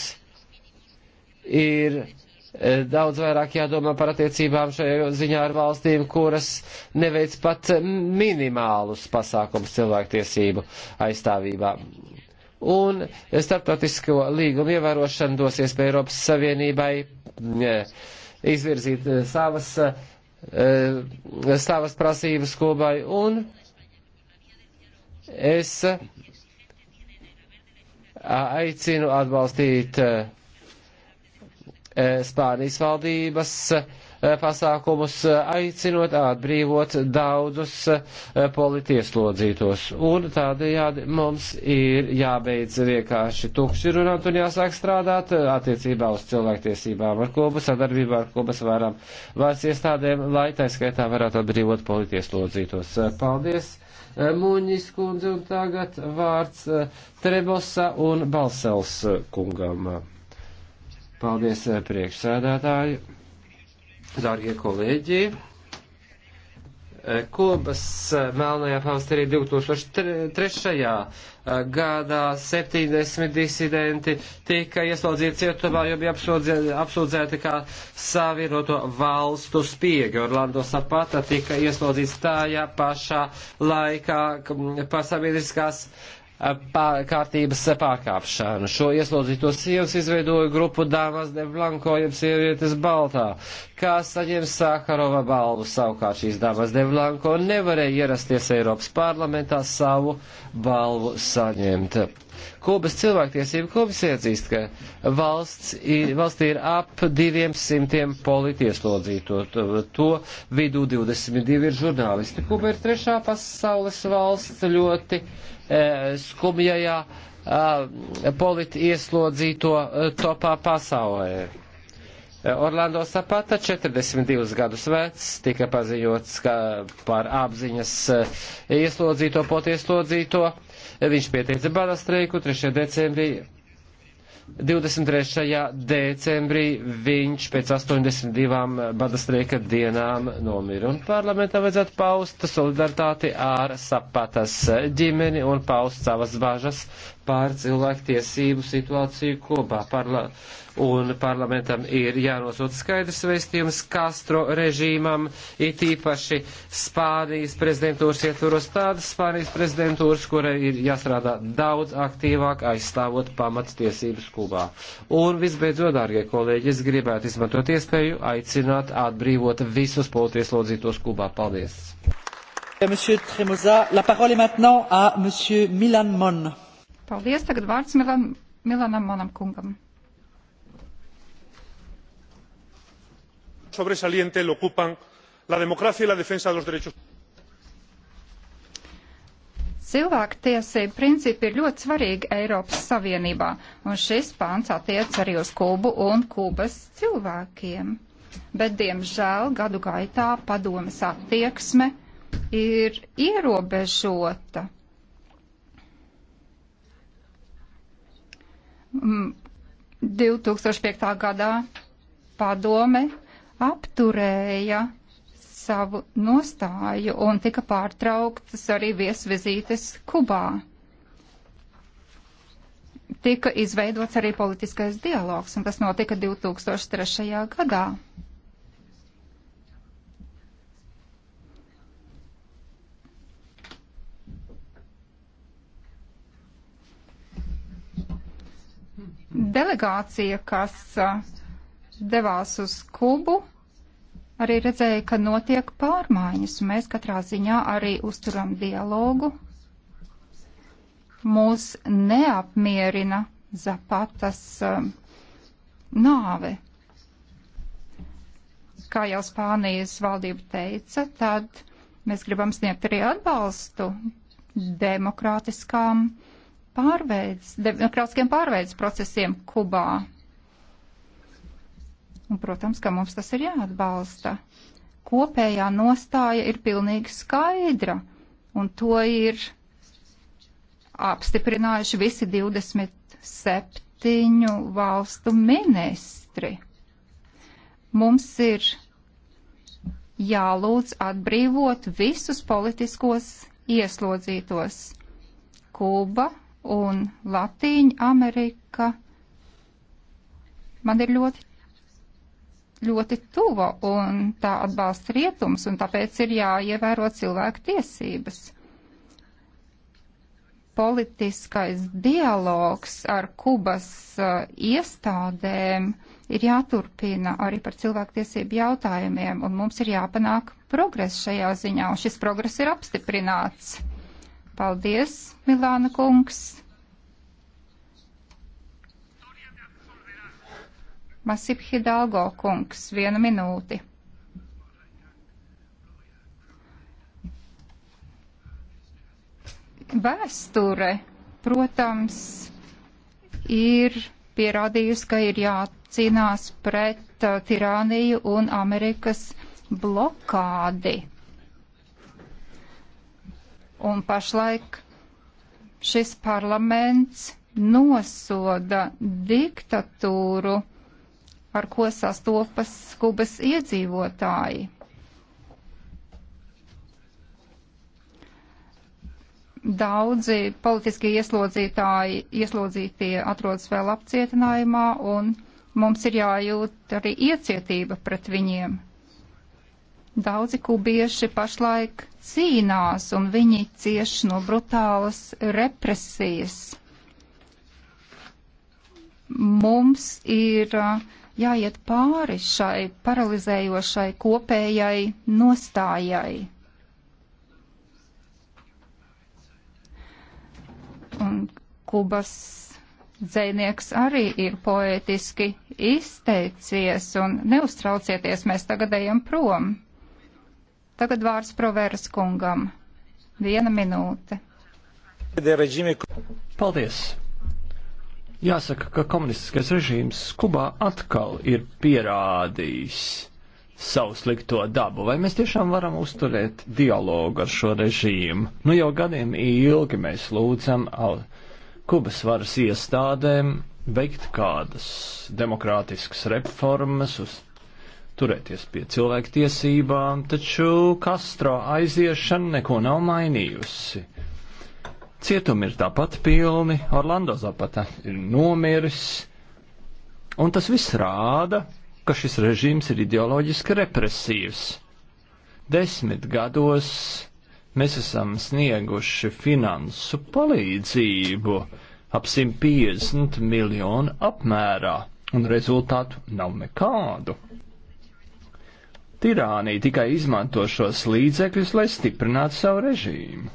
ir eh, daudz vairāk jādomā par attiecībām šajā ziņā ar valstīm, kuras neveic pat minimālus pasākums cilvēktiesību aizstāvībā un starptautisko līgumu ievērošana dos iespēju Eiropas Savienībai eh, izvirzīt eh, savas, eh, savas prasības Kubai, un es aicinu atbalstīt Spānijas valdības uh, Eh, pasākumus, eh, aicinot atbrīvot daudzus eh, politieslodzītos. Un tādējādi mums ir jābeidz vienkārši tukši runāt un jāsāk strādāt attiecībā uz cilvēktiesībām ar Kubu, sadarbībā ar Kubas varam vairs iestādēm, lai tā skaitā varētu atbrīvot politieslodzītos. Paldies! Muņis kundze un tagad vārds Trebosa un Balsels kungam. Paldies priekšsēdētāju! Dārgie kolēģi, Kubas Melnajā faustā arī 2003. gadā 70 disidenti tika ieslodzīti cietumā, jo bija apsūdzēti kā savienoto valstu spiegi. Orlando Sapata tika ieslodzīts tajā pašā laikā par sabiedriskās uh, pār, kārtības pārkāpšanu. Šo ieslodzīto sievas izveidoja grupu Dāmas de Blanco, jeb sievietes Baltā, kas saņem Sākarova balvu. Savukārt šīs Dāmas de Blanco nevarēja ierasties Eiropas parlamentā savu balvu saņemt. Kubas cilvēktiesība komisija atzīst, ka valsts, valstī ir ap diviem simtiem politieslodzīto. To, to vidū 22 ir žurnālisti. Kuba ir trešā pasaules valsts ļoti Eh, skumjajā eh, politi ieslodzīto eh, topā pasaulē. Orlando Sapata, 42 gadus vecs, tika paziņots par apziņas ieslodzīto, potieslodzīto. Viņš pieteica balastreiku 3. decembrī 23. decembrī viņš pēc 82 badastrieka dienām nomira. Un parlamentā vajadzētu paust solidaritāti ar sapatas ģimeni un paust savas bažas pār cilvēktiesību situāciju kopā. Parla un parlamentam ir jānosūt skaidrs vēstījums Castro režīmam, it īpaši Spānijas prezidentūras ietvaros tādas Spānijas prezidentūras, kurai ir jāstrādā daudz aktīvāk aizstāvot pamatstiesības Kubā. Un visbeidzot, dārgie kolēģi, es gribētu izmantot iespēju aicināt atbrīvot visus politieslodzītos Kubā. Paldies! Monsieur Tremosa, la parole est maintenant à Monsieur Milan Mon. Paldies. Tagad vārds Milan, Milanam Manam kungam. Sobresaliente lo ocupan la democracia y la defensa de los derechos. Cilvēktiesība principi ir ļoti svarīgi Eiropas Savienībā, un šis pāns attiec arī uz Kubu un Kubas cilvēkiem. Bet, diemžēl, gadu gaitā padomas attieksme ir ierobežota 2005. gadā padome apturēja savu nostāju un tika pārtrauktas arī viesvizītes Kubā. Tika izveidots arī politiskais dialogs, un tas notika 2003. gadā. Delegācija, kas devās uz Kubu, arī redzēja, ka notiek pārmaiņas, un mēs katrā ziņā arī uzturam dialogu. Mūs neapmierina Zapatas um, nāve. Kā jau Spānijas valdība teica, tad mēs gribam sniegt arī atbalstu demokrātiskām pārveids, demokrātiskiem pārveids procesiem Kubā. Un, protams, ka mums tas ir jāatbalsta. Kopējā nostāja ir pilnīgi skaidra, un to ir apstiprinājuši visi 27 valstu ministri. Mums ir jālūdz atbrīvot visus politiskos ieslodzītos. Kuba un Latīņa Amerika man ir ļoti, ļoti tuva un tā atbalsta rietums, un tāpēc ir jāievēro cilvēku tiesības. Politiskais dialogs ar Kubas uh, iestādēm ir jāturpina arī par cilvēktiesību jautājumiem, un mums ir jāpanāk progress šajā ziņā, un šis progress ir apstiprināts. Paldies, Milāna kungs. Masip Hidalgo kungs, viena minūti. Vēsture, protams, ir pierādījusi, ka ir jācīnās pret uh, tirāniju un Amerikas blokādi. Un pašlaik šis parlaments nosoda diktatūru, ar ko sastopas Kubas iedzīvotāji. Daudzi politiski ieslodzītāji, ieslodzītie atrodas vēl apcietinājumā, un mums ir jājūt arī iecietība pret viņiem. Daudzi kubieši pašlaik cīnās un viņi cieš no brutālas represijas. Mums ir uh, jāiet pāri šai paralizējošai kopējai nostājai. Un Kubas dzēnieks arī ir poētiski izteicies un neuztraucieties, mēs tagad ejam prom. Tagad vārds proveras kungam. Viena minūte. Paldies! Jāsaka, ka komunistiskais režīms Kubā atkal ir pierādījis savu slikto dabu. Vai mēs tiešām varam uzturēt dialogu ar šo režīmu? Nu jau gadiem ilgi mēs lūdzam Kubas varas iestādēm veikt kādas demokrātiskas reformas, uz turēties pie cilvēku tiesībām, taču Kastro aiziešana neko nav mainījusi. Cietumi ir tāpat pilni, Orlando Zapata ir nomiris, un tas viss rāda, ka šis režīms ir ideoloģiski represīvs. Desmit gados mēs esam snieguši finansu palīdzību ap 150 miljonu apmērā, un rezultātu nav nekādu. Tirānija tikai izmanto šos līdzekļus, lai stiprinātu savu režīmu.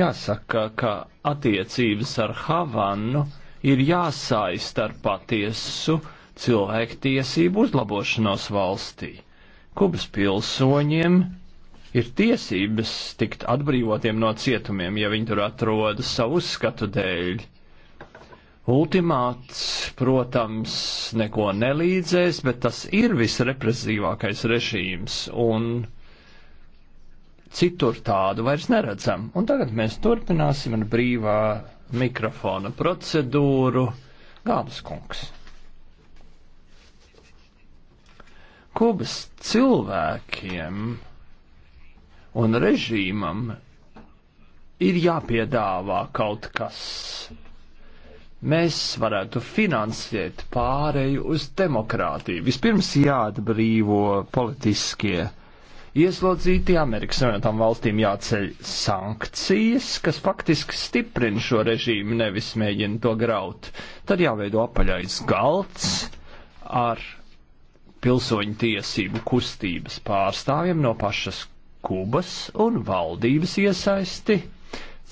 Jāsaka, ka attiecības ar Havannu ir jāsaist ar patiesu cilvēktiesību uzlabošanos valstī. Kubas pilsoņiem ir tiesības tikt atbrīvotiem no cietumiem, ja viņi tur atrodas savu uzskatu dēļ. Ultimāts, protams, neko nelīdzēs, bet tas ir visrepresīvākais režīms, un citur tādu vairs neredzam. Un tagad mēs turpināsim ar brīvā mikrofona procedūru. Gāvas kungs. Kubas cilvēkiem un režīmam ir jāpiedāvā kaut kas mēs varētu finansēt pāreju uz demokrātiju. Vispirms jāatbrīvo politiskie ieslodzīti Amerikas Savienotām valstīm jāceļ sankcijas, kas faktiski stiprina šo režīmu, nevis mēģina to graut. Tad jāveido apaļais galds ar pilsoņu tiesību kustības pārstāvjiem no pašas Kubas un valdības iesaisti.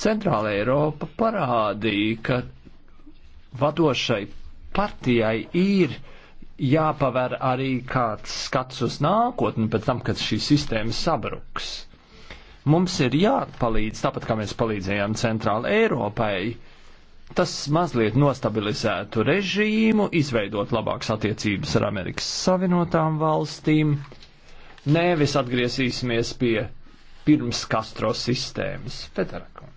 Centrāla Eiropa parādīja, ka vadošai partijai ir jāpaver arī kāds skats uz nākotni pēc tam, kad šī sistēma sabruks. Mums ir jāpalīdz, tāpat kā mēs palīdzējām Centrāla Eiropai, tas mazliet nostabilizētu režīmu, izveidot labākas attiecības ar Amerikas Savienotām valstīm. Nevis atgriezīsimies pie pirms Kastro sistēmas. Federakungs.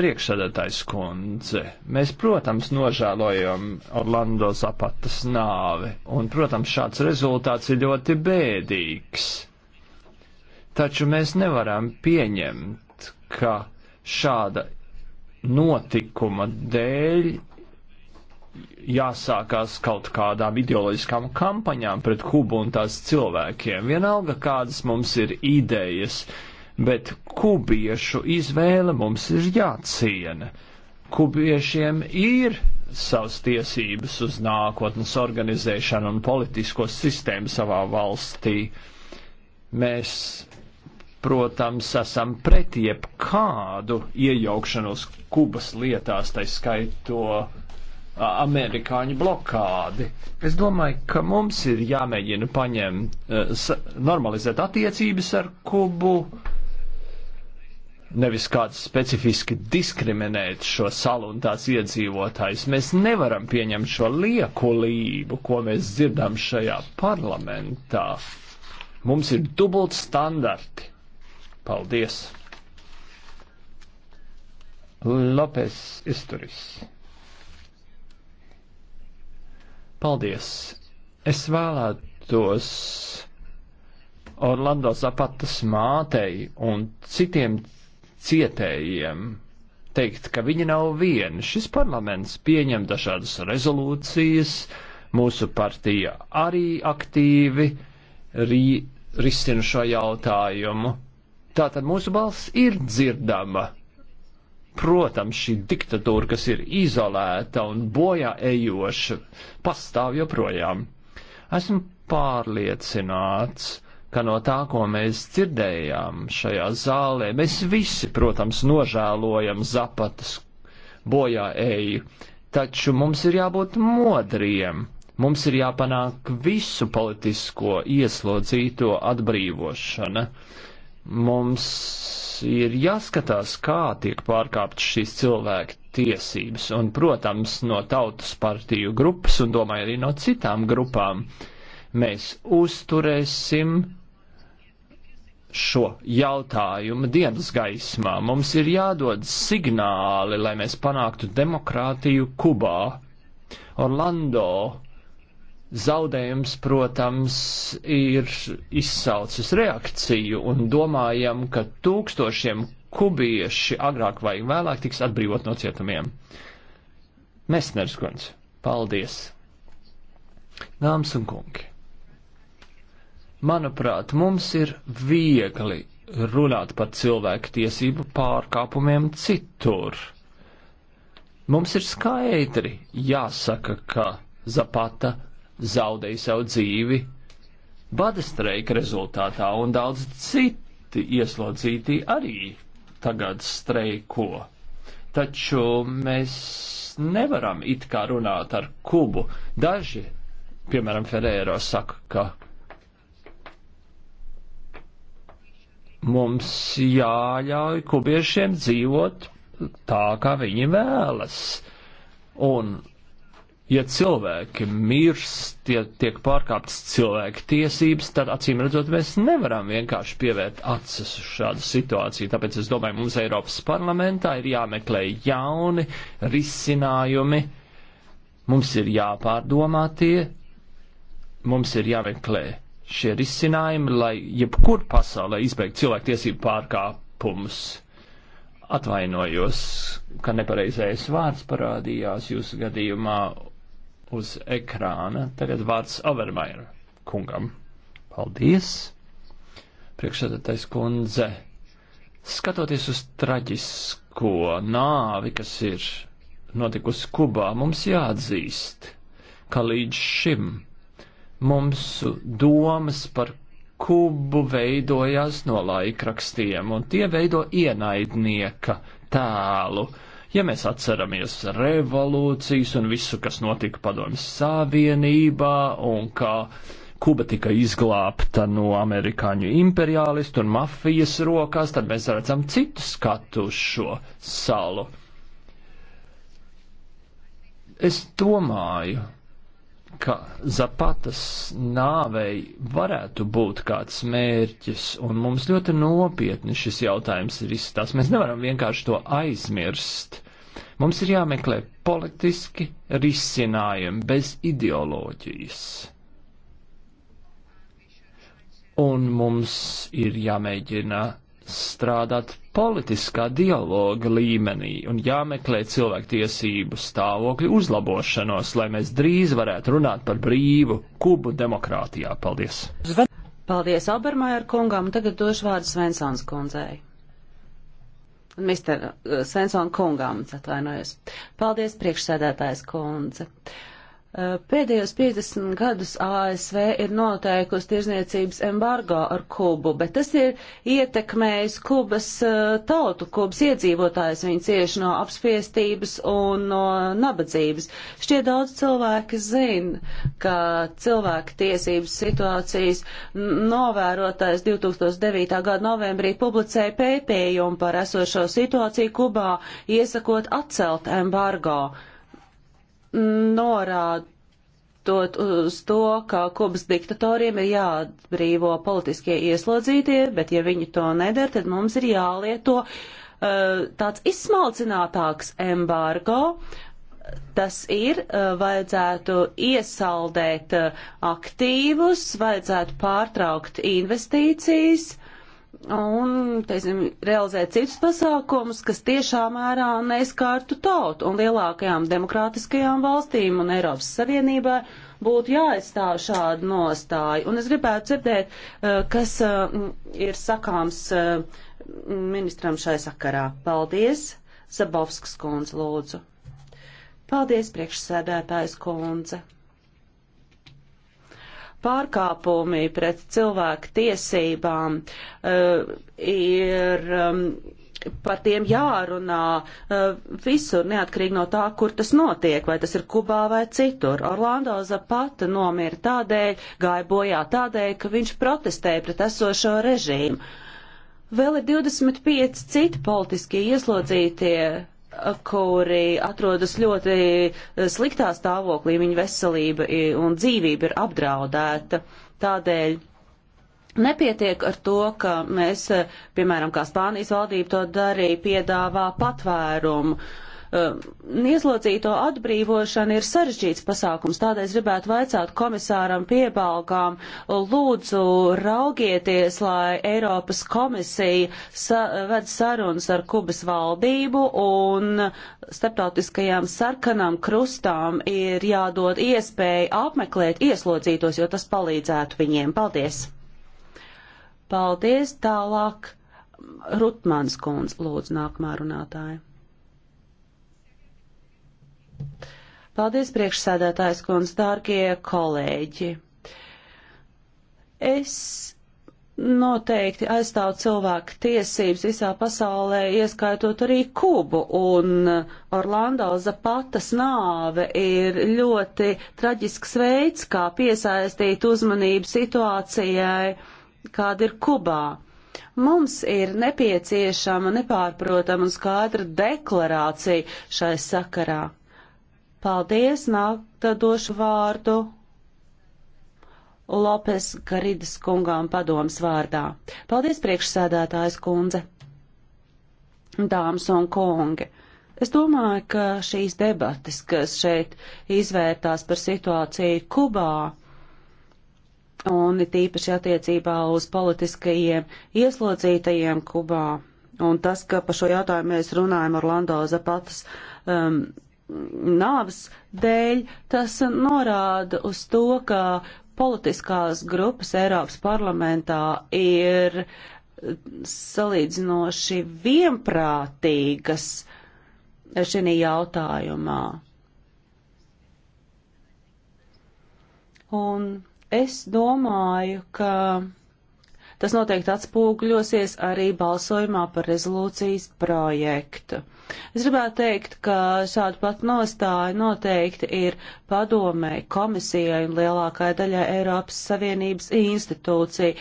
Priekšsēdētājs kundze, mēs, protams, nožēlojam Orlando Zapatas nāvi, un, protams, šāds rezultāts ir ļoti bēdīgs. Taču mēs nevaram pieņemt, ka šāda notikuma dēļ jāsākās kaut kādām ideoloģiskām kampaņām pret Kubu un tās cilvēkiem. Vienalga, kādas mums ir idejas, uh, bet kubiešu izvēle mums ir jāciena. Kubiešiem ir savas tiesības uz nākotnes organizēšanu un politisko sistēmu savā valstī. Mēs, protams, esam pret jebkādu iejaukšanos Kubas lietās, tai skaito amerikāņu blokādi. Es domāju, ka mums ir jāmēģina paņemt, eh, normalizēt attiecības ar Kubu, uh, nevis kāds specifiski diskriminēt šo salu un tās iedzīvotājus. Mēs nevaram pieņemt šo liekulību, ko mēs dzirdam šajā parlamentā. Mums ir dubult standarti. Paldies! Lopes Isturis. Paldies! Es vēlētos Orlando Zapatas mātei un citiem cietējiem, teikt, ka viņi nav vieni. Šis parlaments pieņem dažādas rezolūcijas, mūsu partija arī aktīvi ri, risina šo jautājumu. Tātad mūsu balss ir dzirdama. Protams, šī diktatūra, kas ir izolēta un bojā ejoša, pastāv joprojām. Esmu pārliecināts, ka no tā, ko mēs dzirdējām šajā zālē, mēs visi, protams, nožēlojam zapatas bojā eju, taču mums ir jābūt modriem. Mums ir jāpanāk visu politisko ieslodzīto atbrīvošana. Mums ir jāskatās, kā tiek pārkāptas šīs cilvēku tiesības, un, protams, no tautas partiju grupas, un domāju arī no citām grupām, mēs uzturēsim šo jautājumu dienas gaismā. Mums ir jādod signāli, lai mēs panāktu demokrātiju Kubā. Orlando zaudējums, protams, ir izsaucis reakciju un domājam, ka tūkstošiem kubieši agrāk vai vēlāk tiks atbrīvot no cietumiem. Mesners kundze, paldies! Dāmas un kungi! Manuprāt, mums ir viegli runāt par cilvēku tiesību pārkāpumiem citur. Mums ir skaidri jāsaka, ka Zapata zaudēja savu dzīvi bada streika rezultātā, un daudz citi ieslodzītī arī tagad streiko. Taču mēs nevaram it kā runāt ar kubu. Daži, piemēram, Ferēro saka, ka Mums jāļauj kubiešiem dzīvot tā, kā viņi vēlas. Un, ja cilvēki mirst, tie tiek pārkāptas cilvēku tiesības, tad acīm redzot, mēs nevaram vienkārši pievērt acis uz šādu situāciju. Tāpēc es domāju, mums Eiropas parlamentā ir jāmeklē jauni risinājumi, mums ir jāpārdomā tie, mums ir jāmeklē šie risinājumi, lai jebkur pasaulē izbeigtu cilvēktiesību pārkāpumus. Atvainojos, ka nepareizais vārds parādījās jūsu gadījumā uz ekrāna. Tagad vārds Avermaira kungam. Paldies! Priekšsēdētais kundze, skatoties uz traģisko nāvi, kas ir notikusi Kubā, mums jāatzīst, ka līdz šim Mums domas par kubu veidojās no laikrakstiem, un tie veido ienaidnieka tēlu. Ja mēs atceramies revolūcijas un visu, kas notika padomjas Savienībā, un kā Kuba tika izglābta no amerikāņu imperialistu un mafijas rokās, tad mēs redzam citu skatu uz šo salu. Es domāju, ka Zapatas nāvei varētu būt kāds mērķis, un mums ļoti nopietni šis jautājums ir izstāsts. Mēs nevaram vienkārši to aizmirst. Mums ir jāmeklē politiski risinājumi bez ideoloģijas un mums ir jāmēģina strādāt politiskā dialoga līmenī un jāmeklē cilvēktiesību stāvokļu uzlabošanos, lai mēs drīz varētu runāt par brīvu Kubu demokrātijā. Paldies! Paldies Albermajer kungam, tagad došu vārdu Svensons kundzei. Mister eh, Svensona kungam, atvainojos. Paldies priekšsēdētājs kundze. Uh, Eh, pēdējos 50 gadus ASV ir noteikusi tirzniecības embargo ar Kubu, bet tas ir ietekmējis Kubas eh, tautu, Kubas iedzīvotājs. Viņi cieši no apspiestības un no nabadzības. Šķiet daudz cilvēki zina, ka cilvēku tiesības situācijas novērotais 2009. gada novembrī publicēja pētījumu par esošo situāciju Kubā, iesakot atcelt embargo norādot uz to, ka Kubas diktatoriem ir jāatbrīvo politiskie ieslodzītie, bet ja viņi to nedara, tad mums ir jālieto uh, tāds izsmalcinātāks embargo. Tas ir, uh, vajadzētu iesaldēt eh, aktīvus, vajadzētu pārtraukt investīcijas, un, teiksim, realizēt citus pasākumus, kas tiešā mērā neizkārtu tautu un lielākajām demokrātiskajām valstīm un Eiropas Savienībai būtu jāizstāv šāda nostāja. Un es gribētu dzirdēt, eh, kas eh, ir sakāms eh, ministram šai sakarā. Paldies, Zabovskas kundze, lūdzu. Paldies, priekšsēdētājs kundze pārkāpumi pret cilvēku tiesībām uh, ir um, par tiem jārunā uh, visur, neatkarīgi no tā, kur tas notiek, vai tas ir Kubā vai citur. Orlando Zapata nomira tādēļ, gāja bojā tādēļ, ka viņš protestēja pret esošo režīmu. Vēl ir 25 citi politiski ieslodzītie kuri atrodas ļoti eh, sliktā stāvoklī, viņu veselība un dzīvība ir apdraudēta. Tādēļ nepietiek ar to, ka mēs, eh, piemēram, kā Spānijas valdība to darīja, piedāvā patvērumu. Uh, Um, Ieslodzīto atbrīvošana ir sarežģīts pasākums, tādēļ es gribētu vaicāt komisāram piebalgām, lūdzu raugieties, lai Eiropas komisija sa ved sarunas ar Kubas valdību un starptautiskajām sarkanām krustām ir jādod iespēja apmeklēt ieslodzītos, jo tas palīdzētu viņiem. Paldies! Paldies! Tālāk Rutmans kundze lūdzu nākamā runātāja. Paldies, priekšsēdētājs kundz, dārgie kolēģi. Es noteikti aizstāv cilvēku tiesības visā pasaulē, ieskaitot arī Kubu, un Orlando Zapatas nāve ir ļoti traģisks veids, kā piesaistīt uzmanību situācijai, kāda ir Kubā. Mums ir nepieciešama nepārprotama un skaidra deklarācija šai sakarā. Paldies, nāk, tad došu vārdu Lopes Garidas kungām padoms vārdā. Paldies, priekšsēdētājs kundze. Dāmas un kungi, es domāju, ka šīs debatas, kas šeit izvērtās par situāciju Kubā, un it īpaši attiecībā uz politiskajiem ieslodzītajiem Kubā, un tas, ka par šo jautājumu mēs runājam Orlando Zapatas um, nāvas dēļ, tas norāda uz to, ka politiskās grupas Eiropas parlamentā ir salīdzinoši vienprātīgas šī jautājumā. Un es domāju, ka Tas noteikti atspūgļosies arī balsojumā par rezolūcijas projektu. Es gribētu teikt, ka šāda pat nostāja noteikti ir padomēji, komisijai un lielākai daļai Eiropas Savienības institūcija.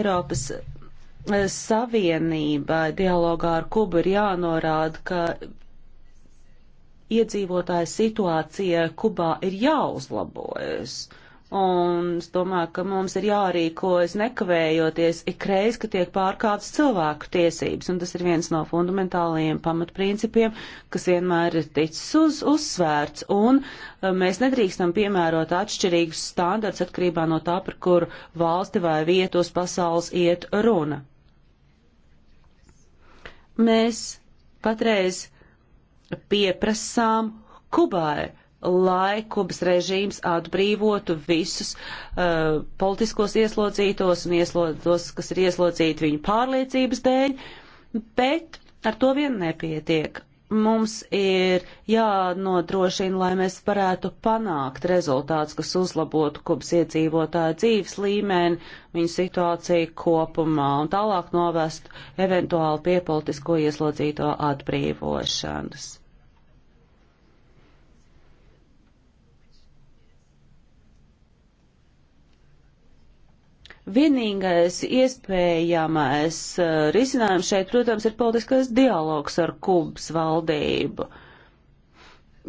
Eiropas eh, Savienībai dialogā ar Kubu ir jānorāda, ka iedzīvotāja situācija Kubā ir jāuzlabojas. Un es domāju, ka mums ir jārīkojas nekavējoties ikreiz, ka tiek pārkāptas cilvēku tiesības. Un tas ir viens no fundamentālajiem pamatprincipiem, kas vienmēr ir ticis uz, uzsvērts. Un uh, mēs nedrīkstam piemērot atšķirīgus standarts atkarībā no tā, par kuru valsti vai vietos pasaules iet runa. Mēs patreiz pieprasām Kubai lai Kubas režīms atbrīvotu visus uh, politiskos ieslodzītos un ieslodzītos, kas ir ieslodzīti viņu pārliecības dēļ, bet ar to vien nepietiek. Mums ir jānodrošina, lai mēs varētu panākt rezultāts, kas uzlabotu Kubas iedzīvotāju dzīves līmeni, viņu situāciju kopumā un tālāk novest eventuāli pie politisko ieslodzīto atbrīvošanas. Vienīgais iespējamais uh, risinājums šeit, protams, ir politiskais dialogs ar Kubas valdību.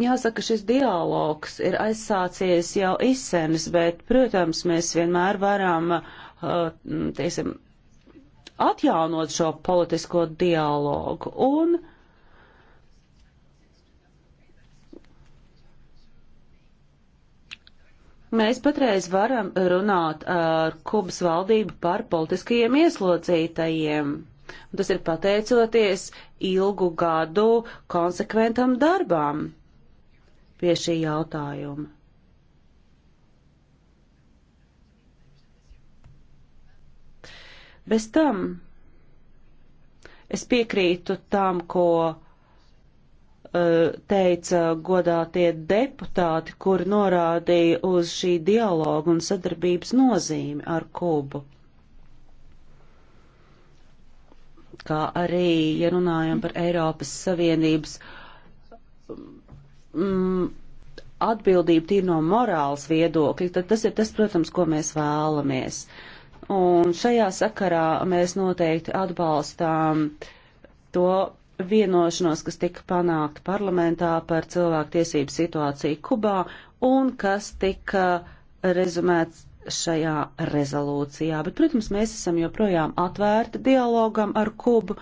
Jāsaka, šis dialogs ir aizsācies jau izsenis, bet, protams, mēs vienmēr varam, uh, teiksim, atjaunot šo politisko dialogu. Un Mēs patreiz varam runāt ar Kubas valdību par politiskajiem ieslodzītajiem. Tas ir pateicoties ilgu gadu konsekventam darbām pie šī jautājuma. Bez tam es piekrītu tam, ko Eh, teica godātie deputāti, kuri norādīja uz šī dialoga un sadarbības nozīmi ar Kubu. Kā arī, ja runājam par Eiropas Savienības mm, atbildību tīri no morāls viedokļa, tad tas ir tas, protams, ko mēs vēlamies. Un šajā sakarā mēs noteikti atbalstām to vienošanos, kas tika panākta parlamentā par cilvēktiesību situāciju Kubā un kas tika rezumēts šajā rezolūcijā. Bet, protams, mēs esam joprojām atvērti dialogam ar Kubu.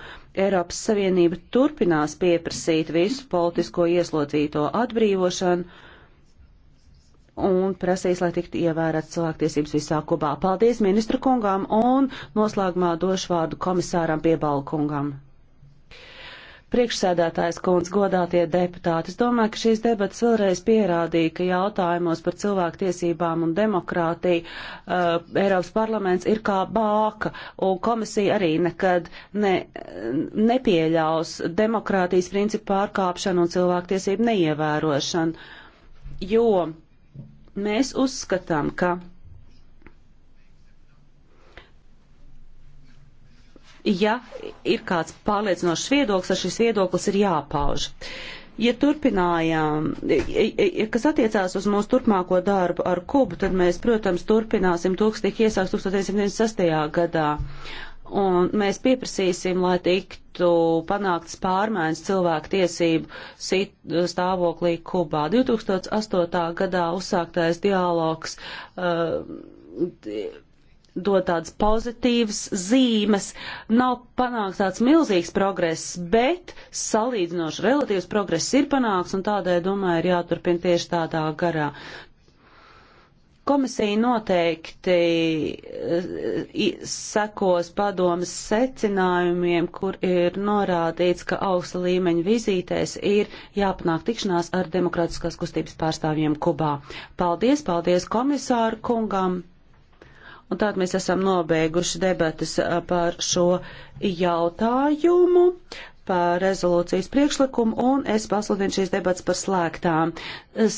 Eiropas Savienība turpinās pieprasīt visu politisko ieslodzīto atbrīvošanu un prasīs, lai tiktu ievērēt cilvēktiesības visā Kubā. Paldies ministra kungām un noslēgumā došu vārdu komisāram piebalkungam. Priekšsēdētājs kundz godātie deputāti, es domāju, ka šīs debatas vēlreiz pierādīja, ka jautājumos par cilvēktiesībām un demokrātiju uh, Eiropas parlaments ir kā bāka, un komisija arī nekad ne, nepieļaus demokrātijas principu pārkāpšanu un cilvēktiesību neievērošanu, jo mēs uzskatām, ka ja ir kāds pārliecinošs viedoklis, tad šis viedoklis ir jāpauž. Ja turpinājām, ja, kas attiecās uz mūsu turpmāko darbu ar Kubu, tad mēs, protams, turpināsim to, kas tika iesāks 1996. gadā. Un mēs pieprasīsim, lai tiktu panāktas pārmaiņas cilvēku tiesību stāvoklī Kubā. 2008. gadā uzsāktais dialogs. Uh, dod tādas pozitīvas zīmes. Nav panākts tāds milzīgs progress, bet salīdzinoši relatīvs progress ir panākts, un tādēļ, domāju, ir jāturpina tieši tādā garā. Komisija noteikti e, sekos padomas secinājumiem, kur ir norādīts, ka augsta līmeņa vizītēs ir jāpanāk tikšanās ar demokrātiskās kustības pārstāvjiem Kubā. Paldies, paldies komisāru kungam! Un tātad mēs esam nobeiguši debatas par šo jautājumu, par rezolūcijas priekšlikumu, un es pasludinu šīs debatas par slēgtām.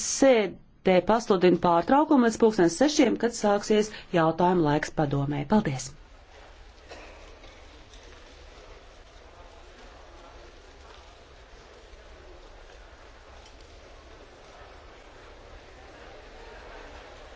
Sēdē pasludinu pārtraukumu līdz pulkstens sešiem, kad sāksies jautājumu laiks padomē. Paldies!